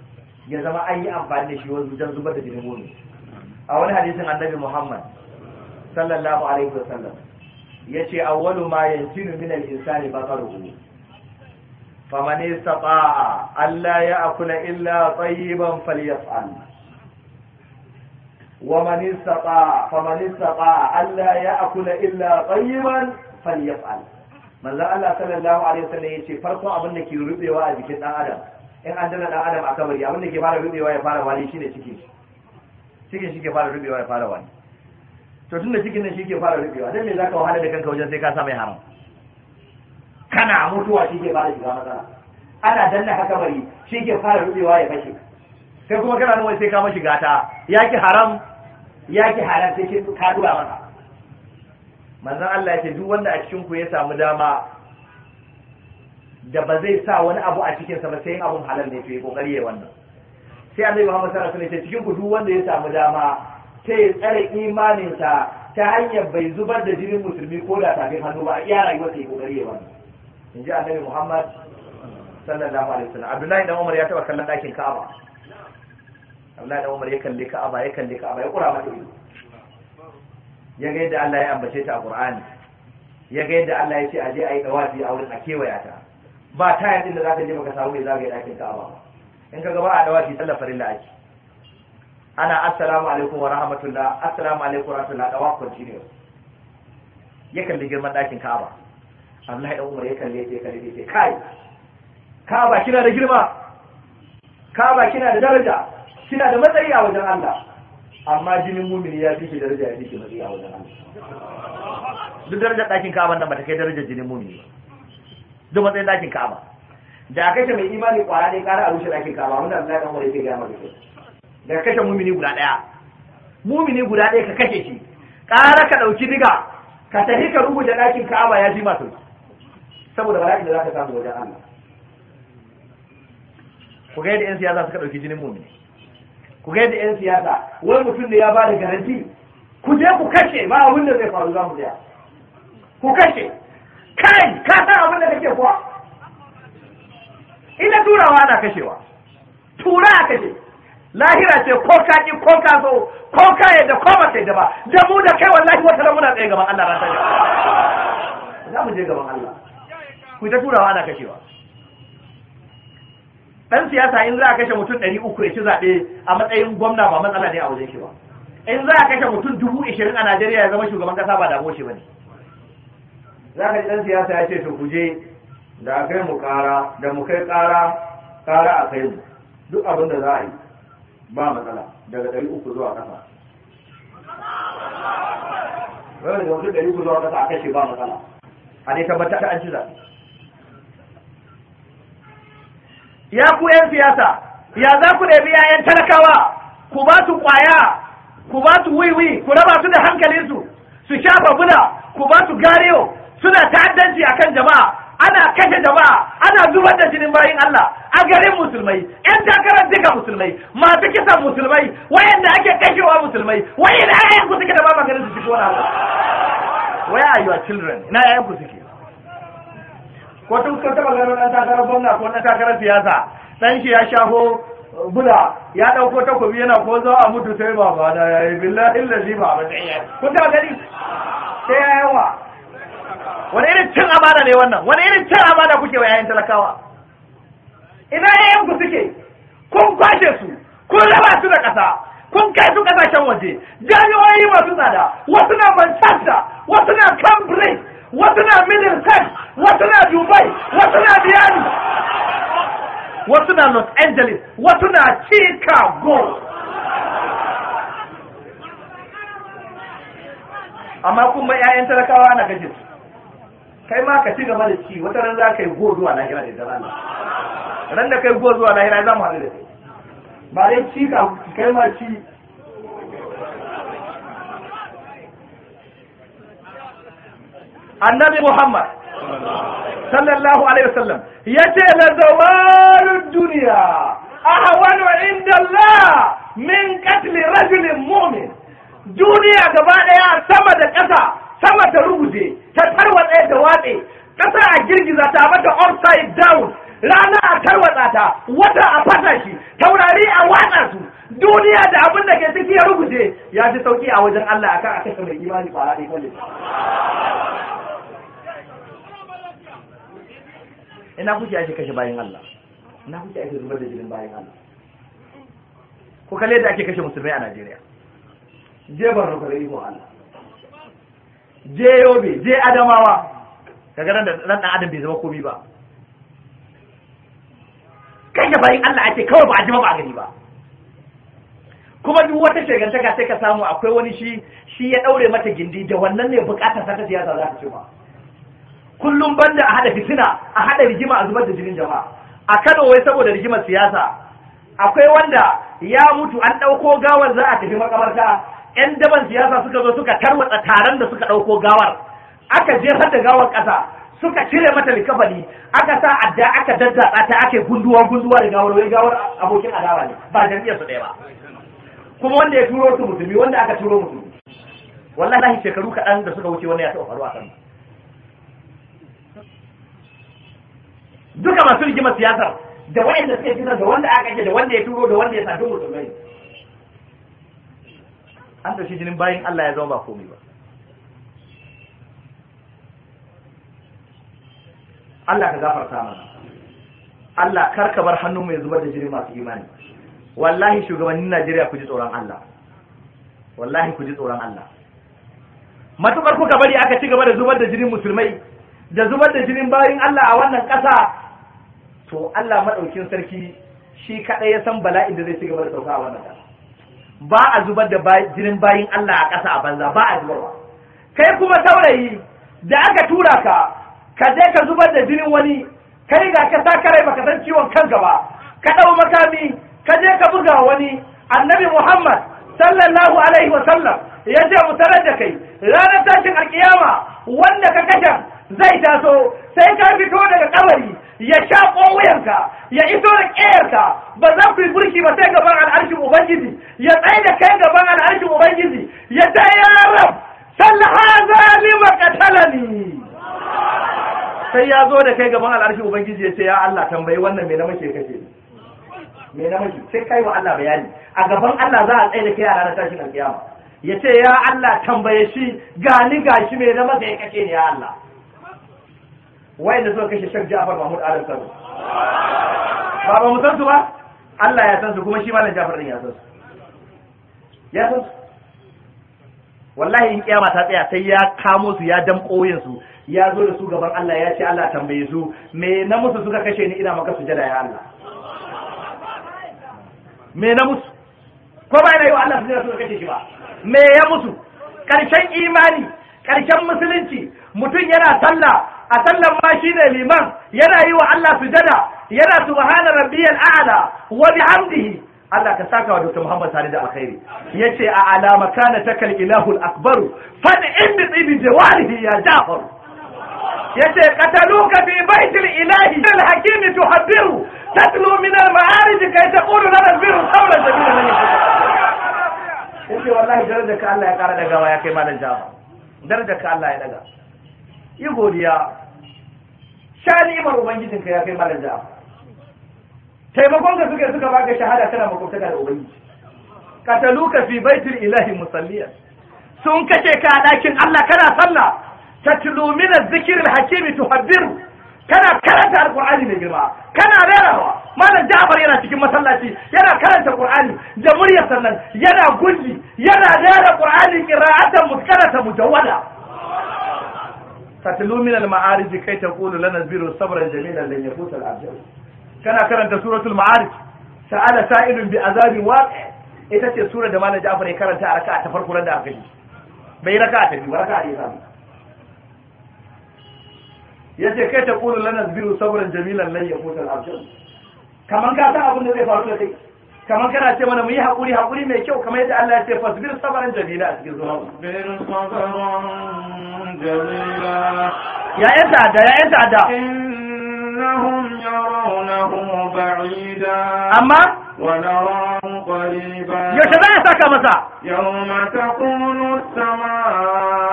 ya zama an yi amfani da shi wajen zubar da jinin wani a wani hadisin annabi Muhammad sallallahu alaihi wasallam yace awwalu ma yansinu min al-insani baqaruhu faman istata'a ya ya'kula illa tayyiban falyaf'al ومن استطاع فمن استطاع ألا يأكل إلا طيبا فليفعل من لا الله صلى الله عليه وسلم يقول فرقوا a يربي وأجك adam. in an dana dan adam a kabari abin da ke fara rubewa ya fara wani shi ne cikin shi cikin shi ke fara rubewa ya fara wani to tun da cikin nan shi ke fara rubewa dan me ka wahala da kanka wajen sai ka sa mai haram kana mutuwa shi ke fara shiga matsala ana danna ka kabari shi ke fara rubewa ya fashe Sai kuma kana nan sai ka mashi gata ki haram ki haram sai ka duba masa manzon Allah ya ce duk wanda a cikin ku ya samu dama da ba zai sa wani abu a cikinsa ba sai abun halal ne to yi kokari ya wannan sai annabi Muhammad sallallahu alaihi wasallam cikin duk wanda ya samu dama sai ya tsare imaninsa ta hanyar bai zubar da jinin musulmi ko da tafi hannu ba iya rayuwar yi kokari ya wannan in ji annabi Muhammad sallallahu alaihi wasallam Abdullahi dan Umar ya taba kallon dakin Ka'aba Abdullahi dan Umar ya kalle Ka'aba ya kalle Ka'aba ya kura mata ya ga yadda Allah ya ambace ta a Qur'ani ya ga yadda Allah ya ce aje ayi dawafi a wurin a kewaya ta ba ta yadda da za ka je maka samu mai zagaye ɗakin ka'aba in ka gaba a dawa shi sallar farilla ake ana assalamu alaikum wa rahmatullah assalamu alaikum wa rahmatullah dawa continuous ya kalli girman ɗakin ka'aba Abdullahi dan Umar ya kalli ya kalli ya kai ka'aba kina da girma ka'aba kina da daraja kina da matsayi a wajen Allah amma jinin mumini ya fi daraja ya fi matsayi a wajen Allah duk darajar ɗakin ka'aba nan ba ta kai darajar jinin mumini ba duk matsayin dakin ka'aba da kashe mai imani kwara ne kara a rushe dakin ka'aba wanda Allah kan wani ke ga maka da kashe mumini guda daya mumini guda daya ka kashe shi kara ka dauki diga ka tafi ka rubuta dakin ka'aba ya ji masu saboda bala'in da za ka samu wajen Allah ku ga yadda 'yan siyasa suka ɗauki jinin mumini ku ga yadda 'yan siyasa wani mutum ne ya ba da garanti ku je ku kashe ba abin da zai faru za mu ku kashe kai ka san abin da kake kuwa ina turawa ana kashewa tura a kashe lahira ce ko ka ki ko ka zo ko ka yadda ko ba sai da ba da mu da kai wallahi wata ran muna tsaye gaban Allah ta tashi za mu je gaban Allah ku ta turawa ana kashewa dan siyasa in za a kashe mutum ɗari uku ya ci zaɓe a matsayin gwamna ba matsala ne a wajen shi ba in za a kashe mutum dubu ishirin a Najeriya ya zama shugaban kasa ba damuwa shi ba ne za ka ɗan siyasa ya ce to kuje da a kai mu ƙara da mu kai ƙara ƙara a kai mu duk abin da za a yi ba matsala daga ɗari uku zuwa ƙasa wani da wasu ɗari uku zuwa ƙasa a kashe ba matsala a dai tabbata ta an ci zaɓe ya ku 'yan siyasa ya za ku ɗabi 'ya'yan talakawa ku ba su ƙwaya ku ba su wiwi ku raba su da hankalinsu su shafa bula ku ba su gariyo suna ta'addanci akan jama'a ana kashe jama'a ana zubar da jinin bayin Allah a garin musulmai yan takarar duka musulmai masu kisan musulmai wayanda ake kashewa musulmai wayanda ayyan ku suke da ba maganin su cikin wani abu where are your children ina ayyan ku suke ko tun kun taba ganin ɗan takarar gwamna ko ɗan takarar siyasa dan shi ya shaho buda ya dauko takobi yana ko zo a mutu sai baba da yayi billahi allazi ba ba kun ta gani sai yawa wani irin cin amana ne wannan wani irin cin amana kuke wa yayin talakawa ina yayin ku suke kun kwashe su kun raba su da ƙasa kun kai su ƙasashen waje jami'o'i masu tsada wasu na manchester wasu na cambridge wasu na middlesex wasu na dubai wasu na miami wasu na los angeles wasu na chicago amma kuma 'ya'yan talakawa ana gajinsu kai ma ka ci gaba da ci wata ran za ka yi go zuwa lahira da zama ne ran da kai go zuwa lahira za mu haɗu da kai ba dai ci ka kai ma ci annabi muhammad sallallahu alaihi wasallam yace la zamarud duniya ahwanu inda allah min qatl rajulin mu'min duniya gaba daya sama da ƙasa sama ta rubuje ta tarwatsa da watse ƙasa a girgiza ta mata upside down rana a tarwatsa ta wata a fasa shi taurari a watsa su duniya da abin da ke ciki ya rubuce ya fi sauki a wajen Allah akan a kashe mai imani fara ne kawai ina kuke ake kashe bayan Allah ina kuke ake zubar da jinin bayan Allah ko kalle da ake kashe musulmai a Najeriya jebar rubar ko Allah je yobe je adamawa kaga nan da dan adam bai zama komi ba kai da bayin Allah ake kawai ba a jima ba a gani ba kuma duk wata shegantaka sai ka samu akwai wani shi shi ya daure mata gindi da wannan ne bukatar saka siyasa za ta ce ma kullum banda a hada fitina a hada rigima a zubar da jinin jama'a a Kano wai saboda rigimar siyasa akwai wanda ya mutu an dauko gawar za a tafi makabarta 'yan daban siyasa suka zo suka tarwatsa taron da suka ɗauko gawar aka jefar da gawar ƙasa suka cire mata likafali aka sa adda aka daddatsa ta ake gunduwa gunduwa da gawar wai gawar abokin adawa ne ba jam'iyyar su ɗaya ba kuma wanda ya turo su musulmi wanda aka turo musulmi wallahi shekaru kaɗan da suka wuce wani ya taɓa faru a kan duka masu rigimar siyasar da wanda suke gina da wanda aka ke da wanda ya turo da wanda ya sadu musulmai an ɗauki jinin bayin Allah ya zama ba komai ba Allah ka gafarta mana Allah kar ka bar hannu mai zubar da jini masu imani wallahi shugabannin Najeriya ku ji tsoron Allah wallahi ku ji tsoron Allah matukar kuka bari aka ci gaba da zubar da jinin musulmai da zubar da jinin bayin Allah a wannan ƙasa to Allah maɗaukin sarki shi kaɗai ya san bala'in da zai ci gaba da sauka a wannan ba a zubar da jinin bayin Allah a ƙasa a banza ba a zubarwa kai kuma saurayi da aka tura ka ka je ka zubar da jinin wani yi ga ka sa kare baka san ciwon kanka ba ka ɗau makami ka je ka buga wani annabi Muhammad sallallahu alaihi wa sallam ya ce mu tarar da kai ranar tashin alkiyama wanda ka kashe zai taso sai ka fito daga kabari ya sha wuyanka ya iso da ƙeyarka ba za ku yi burki ba sai gaban al'arshin ubangiji ya tsaye da kai gaban al'arshin ubangiji ya ta yi rarrab sallaha lima qatalani sai ya zo da kai gaban al'arshin ubangiji ya ce ya Allah tambayi wannan me na mace kake me na mace sai kai wa Allah bayani a gaban Allah za a tsaye da kai a ranar tashin alkiyama ya ce ya Allah tambaye shi gani gashi me na mace kake ne ya Allah wayanda suka kashe Sheikh Ja'far Mahmud Adam Sabo ba ba mu san su ba Allah ya san su kuma shi malam Ja'far din ya san su ya san su wallahi in kiyama ta tsaya sai ya kamo su ya damƙo yin su ya zo da su gaban Allah ya ce Allah tambaye su me na musu suka kashe ni ina maka sujada ya Allah me na musu ko ba yana yi wa Allah sujada suka kashe shi ba me ya musu karshen imani karshen musulunci mutum yana sallah a sallan ma shine liman yana yi wa Allah sujada yana subhana rabbiyal a'la wa bihamdihi Allah ka saka wa Dr. Muhammad Sani da alkhairi yace a alama kana takal ilahul akbar fad in bi tibi jawarihi ya Jafar yace qataluka fi baitil ilahi al hakim tuhabbiru tatlu min al ma'arij kay taqulu lana biru qawlan jamila lan yace wallahi darajar ka Allah ya kara daga ya kai malam Jafar darajar ka Allah ya daga yi godiya sha ni'imar ubangijinka ya kai malam da taimakon ka suka suka baka shahada kana makwabtaka da ubangiji kataluka fi baitul ilahi musalliya sun kace ka dakin Allah kana sallah tatlu min zikril hakimi tuhabbiru kana karanta alqur'ani mai girma kana rerawa malam Ja'far yana cikin masallaci yana karanta Qur'ani da muryar sannan yana gunji yana rera Qur'ani qira'atan muskarata mujawwada tatlu min al-ma'arij kai taqulu lana biro sabran jamilan lan yafuta al-ajal kana karanta suratul ma'arij sa'ala sa'ilun bi azabin waqi' ita ce sura da malam Ja'far ya karanta a raka'a ta farko ran da aka yi bai raka'a ta biyu raka'a ta samu yace kai taqulu lana biru sabran jamilan lan yafuta al-ajal kaman ka san abin da zai faru da kai kamar kana ce mana mu yi hakuri haƙuri mai kyau kamar yadda Allah ya ce fasbir sabaran jamila a cikin zuwa ya yan ta'adda ya yan ta'adda innahum yarawnahu ba'ida amma wa narahu قريبا يوم تكون السماء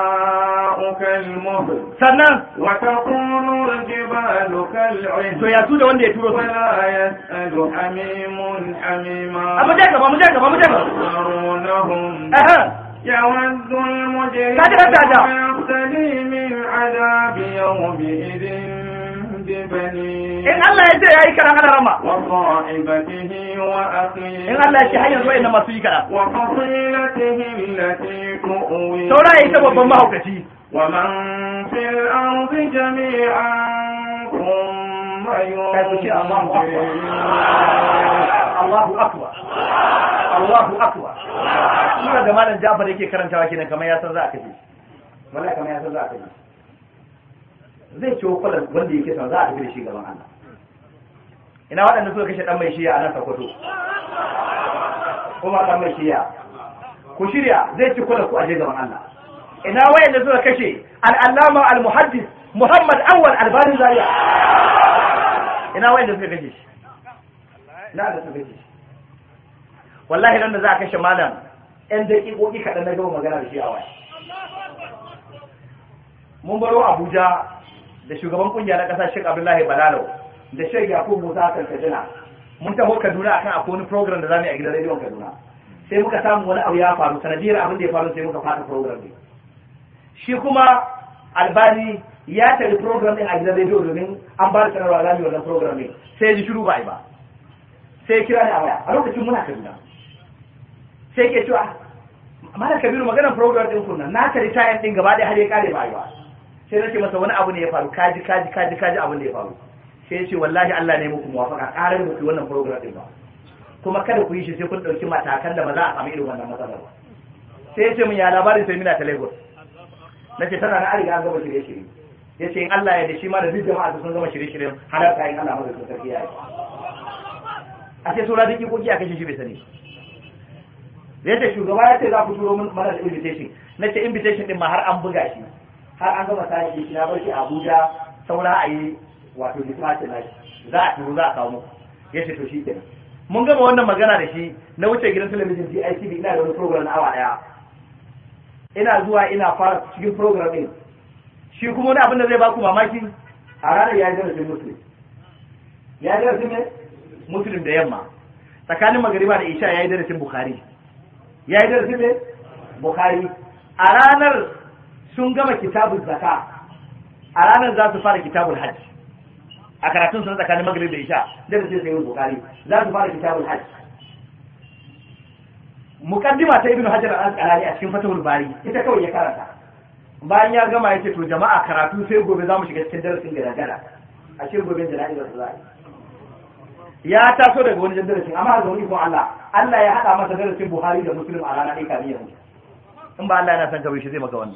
sannan wata kunu jiba lokal to ya su da wanda ya turo su a mu jaga ba mu jaga ba mu jaga ya wanzu mu jiri ta da ta da ya wanzu mu jiri ta da ta da in Allah ya ce ya yi karan alarama in Allah ya hanyar zuwa inda masu yi kaɗa saura ya yi ta babban mahaukaci ومن في الأرض جميعا ثم الله أكبر Allahu akbar ina da malam Jafar yake karantawa kenan kamar ya san za a kaje wallahi ya san za a zai ciwo kwalan wanda yake sa za a tafi da shi gaban Allah ina waɗanda suka kashe ɗan mai shiya a nan sakwato kuma ɗan mai shiya ku shirya zai ci kwalan ku a je gaban Allah ina wayanda suka kashe al'allama al-muhaddis muhammad awwal albani zaria ina wayanda suka kashe shi na da suka kashe shi wallahi nan da za a kashe malam ɗan daƙiƙoƙi kaɗan na gama magana da shi a waya mun baro abuja da shugaban kungiya na kasa Sheikh Abdullahi Balalo da Sheikh Yakub Musa kan Kaduna mun taho Kaduna akan akwai wani program da zamu yi a gidan rediyon Kaduna sai muka samu wani abu ya faru sanadiyar abin da ya faru sai muka fata program ne shi kuma albani ya tafi program din a gidan rediyo domin an ba da sanarwa za mu wannan program ne sai ya ji shiru ba ba sai ya kira ni a waya a lokacin muna Kaduna sai ke cewa Malam Kabiru maganar program din kunna na tari tayin din gaba ɗaya har ya kare ba ba sai nake masa wani abu ne ya faru kaji kaji kaji kaji abin da ya faru sai ya ce wallahi Allah ne muku muwafaka karar muku wannan program din ba kuma kada ku yi shi sai kun dauki matakan da ba za a samu irin wannan matsalar ba sai ya ce min ya labarin sai mina ta Lagos tana na ariga an gaba shirye shirye ya ce in Allah ya da shi ma da duk jama'a sun gama shirye shiryen halarta in Allah mai sarki ya yi a ce saura duk ikoki a kashe shi bai sani da yadda shugaba ya ce za ku turo mana da invitation na ce invitation din ma har an buga shi har an gama tashi shi na barki Abuja saura a yi wato diplomatic na shi za a turo za a samu ya ce to shi kenan mun gama wannan magana da shi na wuce gidan talabijin DITV ina da wani program na awa daya ina zuwa ina fara cikin program din shi kuma wani abin da zai baku mamaki a ranar ya yi darasin Musulmi. ya yi darasin ne da yamma tsakanin magariba da isha ya yi darasin bukhari ya yi darasin ne bukhari a ranar sun gama kitabun zaka a ranar za su fara kitabun hajj a karatun sun tsakanin magrib da isha da da sai yin bukari za su fara kitabun hajj mukaddima ta ibnu hajar al-asqalani a cikin fatawul bari ita kawai ya karanta bayan ya gama yace to jama'a karatu sai gobe za mu shiga cikin darasin gara-gara, a cikin gobe jana'izar su za'a ya taso daga wani darasin amma ga wani ko Allah Allah ya hada masa darasin Buhari da Muslim a ranar ɗaya kamiyar in ba Allah yana son kawai shi zai maka wannan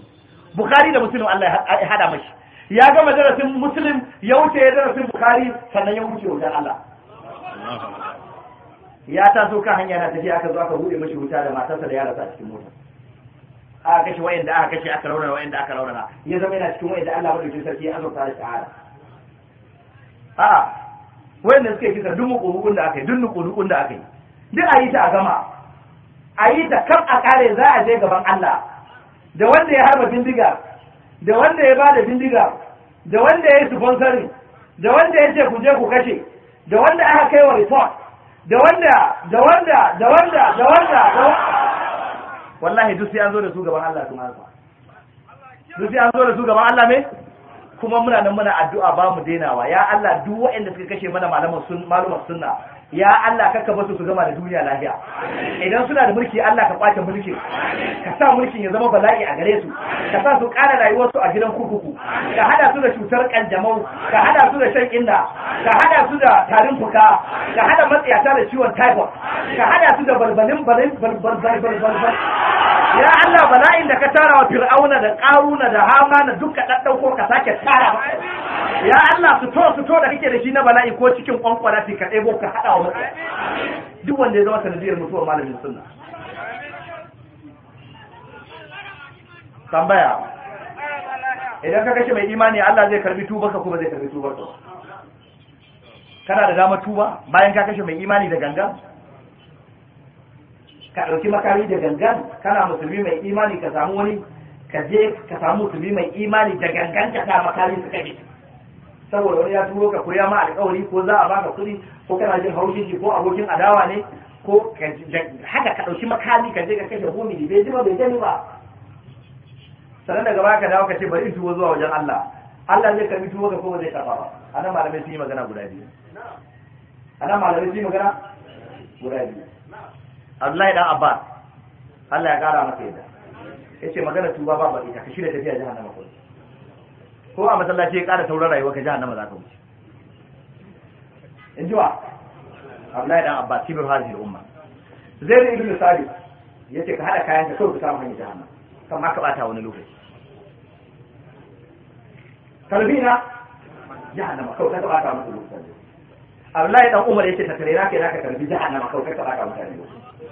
bukhari da muslim Allah ya hada mashi ya gama darasin muslim ya wuce ya darasin bukhari sannan ya wuce wajen Allah ya taso kan hanya na tafiya aka zo aka bude mashi wuta da matarsa da yaransa a cikin mota aka kashe wayanda aka kashe aka raunana wayanda aka raunana ya zama yana cikin wayanda Allah madaukakin sarki ya azurta shi shahada a wayanda suke kisa duk mukurukun da aka yi duk nukurukun da aka yi duk a yi ta a gama a yi ta kan a kare za a je gaban Allah da wanda ya harba bindiga da wanda ya ba da bindiga da wanda ya yi sponsorin da wanda ya ce ku je ku kashe da wanda aka kai wa report da wanda da wanda da wanda da wanda wallahi duk sai an zo da su gaban Allah kuma alfa duk sai an zo da su gaban Allah me kuma muna nan muna addu'a ba mu denawa ya Allah duk waɗanda suka kashe mana malaman sun sunna ya Allah kanka basu su zama da duniya lafiya idan suna da mulki Allah ka kwace mulki, ka sa mulkin ya zama bala'i a gare su ka sa su ƙara rayuwarsu a gidan kurkuku ka hada su da cutar kanjamau ka hada su da shan inna ka hada su da tarin fuka ka hada matsiyata da ciwon typhoid ka hada su da balbalin balbalin ya Allah bala'in da ka tara wa fir'auna da ƙaruna da hama na duka ɗaɗɗauko ka sake tara ya Allah su to su to da kake da shi na bala'i ko cikin kwankwara ka ɗebo ka hada wa duk wanda ya zama sanadiyar mutuwar malamin sunna tambaya idan ka kashe mai imani Allah zai karbi ka kuma zai karbi ka. kana da dama tuba bayan ka kashe mai imani da gangan ka ɗauki makari da gangan kana musulmi mai imani ka samu wani ka je ka samu musulmi mai imani da gangan ka sa makami su kai saboda wani ya turo ka koya ma alƙawari ko za a baka kuɗi ko kana jin haushin shi ko abokin adawa ne ko haka ka ɗauki makami ka je ka kashe ne bai ji ba bai gani ba sannan daga baya ka dawo ka ce bari in tuwo zuwa wajen Allah Allah zai karbi tuwo ka ko zai karba ba anan malamai sun yi magana guda biyu anan malamai sun yi magana guda biyu Abdullahi dan Abbas Allah ya kara maka yadda yace magana tuba ba ba ita ka shirya tafiya jahannama ko ko a masallaci ya kara sauran rayuwa ka jahannama za ka wuce in wa Abdullahi dan Abbas sibir da umma Zaid ibn Sabit yace ka hada kayan ka kawai ka samu hanyar jahannam kan ma ka bata wani lokaci kalbina jahannama kawai ka bata wani lokaci Abdullahi dan Umar yace ta tare na kai ka kalbi jahannama kawai ka bata mutane lokaci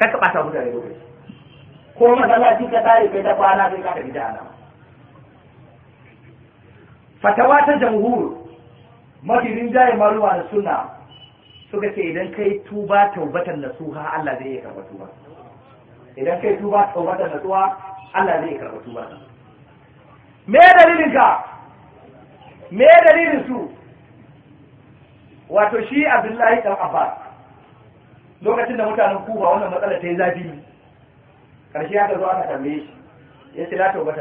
ka ka bata mutane lokaci ko masallaci ka tare kai ta kwana sai ka tafi jahannama fatawa ta jamhur mafi rinjaye maruwa da suna suka ce idan kai tuba taubatan nasuha Allah zai iya karɓa tuba idan kai tuba taubatan nasuha Allah zai iya karɓa tuba me dalilin ka me dalilin su wato shi Abdullahi dan Abbas lokacin da mutanen Kuba wannan matsala ta yi zafi karshe aka zo aka tambaye shi ce la taubata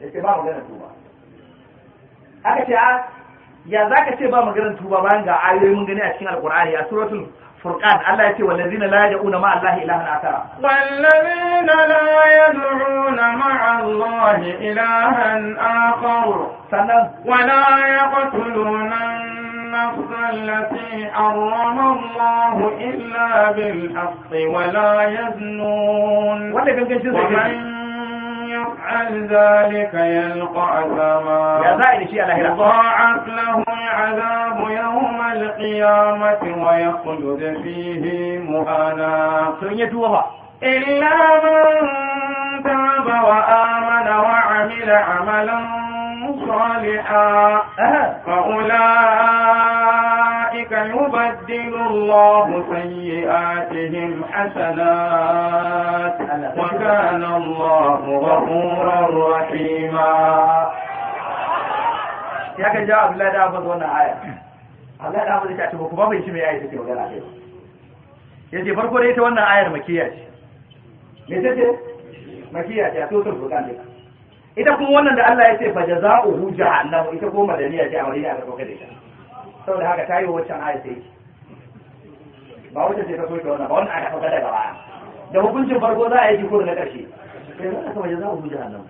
ya ce ba magana tuba aka ce a. Ah, ya za ce ba maganar tuba bayan ga ayoyi mun gani a cikin alkur'ani a suratul furqan Allah ya ce wallazina la ya'una ma Allah ilaha akara wallazina la sannan wala yaqtuluna النفس يفعل ذلك يلقى أثما يضاعف له العذاب يوم القيامة ويخلد فيه مهانا إلا من تاب وآمن وعمل عملا صالحا فأولئك يبدل الله سيئاتهم حسنات وكان الله غفورا رحيما ya kan jawo Abdullahi da Abbas wannan aya Abdullahi da Abbas ya ce ba ku ba bai shi mai aya take magana kai ya ce farko dai ita wannan ayar makiya ce me take makiya ce a sosul bukan duka ita kuma wannan da Allah ya ce fa jaza'uhu jahannam ita ko madaniya ce a madina aka kauka da ita saboda haka ta yi waccan aya sai ba wacce ce ta soke wannan ba wannan aka kauka daga baya da hukuncin farko za a yi kuma na ƙarshe sai za ka fa jaza'uhu jahannam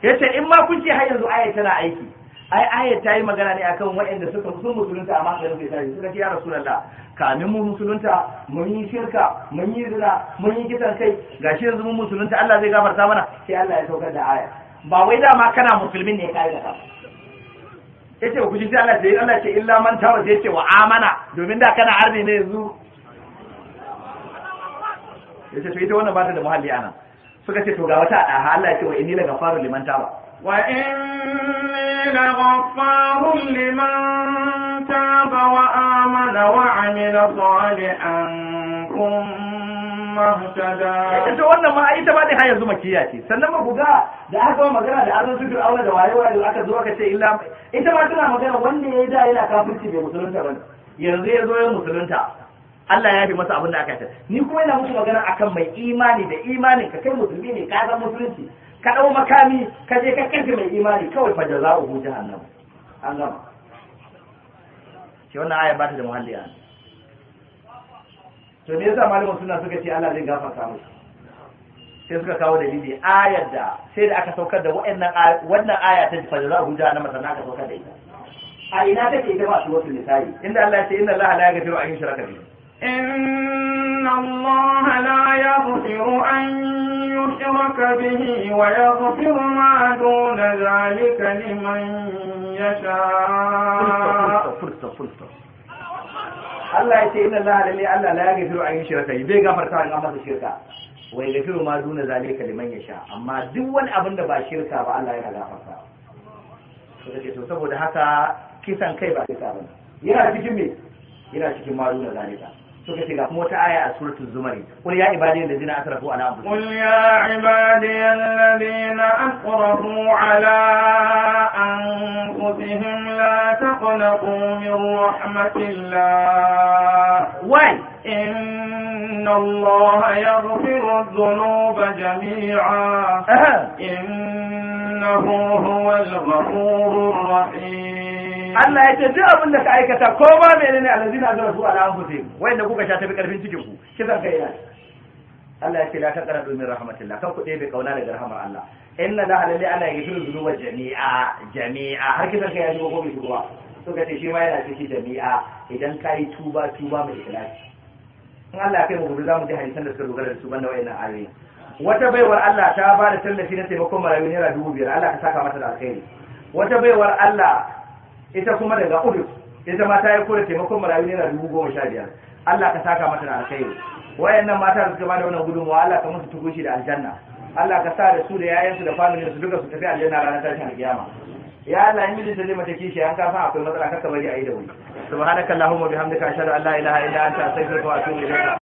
yace in ma kun ce har yanzu aya tana aiki ai aya ta yi magana ne akan waɗanda suka sun musulunta amma garin bai tashi suka ce ya rasulullah kamin mu musulunta mun yi shirka mun yi zina mun yi kitan kai gashi yanzu mun musulunta Allah zai gafarta mana sai Allah ya saukar da aya ba wai dama kana musulmin ne ka aikata ya ce ku ji sai Allah sai eh, Allah ce illa man tawa sai ce wa amana domin da kana arni ne yanzu ya ce to ita wannan ba ta da muhalli ana suka ce to ga wata a Allah ya ce wa inni la gafaru liman tawa wa inni la gafaru liman taba wa amana wa amila salihan kum mahtada to wannan ma ita ba dai har yanzu makiya ce sannan ba ku ga da aka ba magana da azan zikir aula da wayewa da aka zo aka ce illa ita ma tana magana wanda yayi da yana kafirci bai musulunta ba yanzu ya zo ya musulunta Allah ya fi masa abin da aka yi ni kuma ina muku magana akan mai imani da imanin ka kai musulmi ne ka zama musulunci ka dau makami ka je ka kirki mai imani kawai fa jaza'uhu jahannam an gama shi wannan ayar ba ta da muhalli yana to me yasa malamin suna suka ce Allah zai gafarta musu sai suka kawo dalili ayar da sai da aka saukar da wannan aya ta fajr abuja na masana aka saukar da ita a ina take ita ba su wasu misali inda Allah ya ce inna Allah la yaghfiru an yushraka bihi إن الله لا يغفر أن يشرك به ويغفر ما دون ذلك لمن يشاء فرصة فرصة فرصة Allah ya ce inna Allah lalle Allah la ya a an yushraka bai gafarta in an masa shirka wai yaghfiru ma duna zalika ya sha, amma duk wani abin da ba shirka ba Allah ya gafarta to kace to saboda haka kisan kai ba shirka ba yana cikin me yana cikin ma duna zalika suka ce ga kuma wata aya a suratul zumari qul ya ibadiy allazina asrafu ala anfusihim qul ya ibadiy allazina asrafu ala anfusihim la taqnaqu min rahmatillah wai إن الله يغفر الذنوب جميعا إنه هو الغفور الرحيم Allah ya ce duk abin da ka aikata ko ma menene alazina azrafu ala anfusihim Wayanda kuka sha tafi karfin cikin ku zan kai Allah ya ce la taqra domin rahmatillah kan ku bai kauna daga rahmar Allah inna la halali ala yaghfiru dhunuba jami'a jami'a har kisa kai ya ji ko bai tuba to ce shi ma yana cikin jami'a idan kai tuba tuba mai ikhlasi in Allah ya kai mu gobe zamu ji hadisan da suka dogara da su banda wayannan ayoyi wata baiwar Allah ta ba da tallafi na taimakon marayu naira dubu biyar Allah ka saka mata da alkhairi wata baiwar Allah ita kuma daga Uhud ita ma ta yi kula taimakon marayu ne na dubu goma sha biyar Allah ka saka mata da alkhairi wayannan mata da suka bada wannan gudunmawa Allah ka musu tukushi da aljanna Allah ka sa da su da yayansu da familin su duka su tafi aljanna ranar tashin alkiyama ya Allah in mijinta zai mata kishi an kafa akwai matsala kaka bari a da wuri subhanakallahumma bihamdika ashhadu an la ilaha illa anta astaghfiruka wa atubu ilayk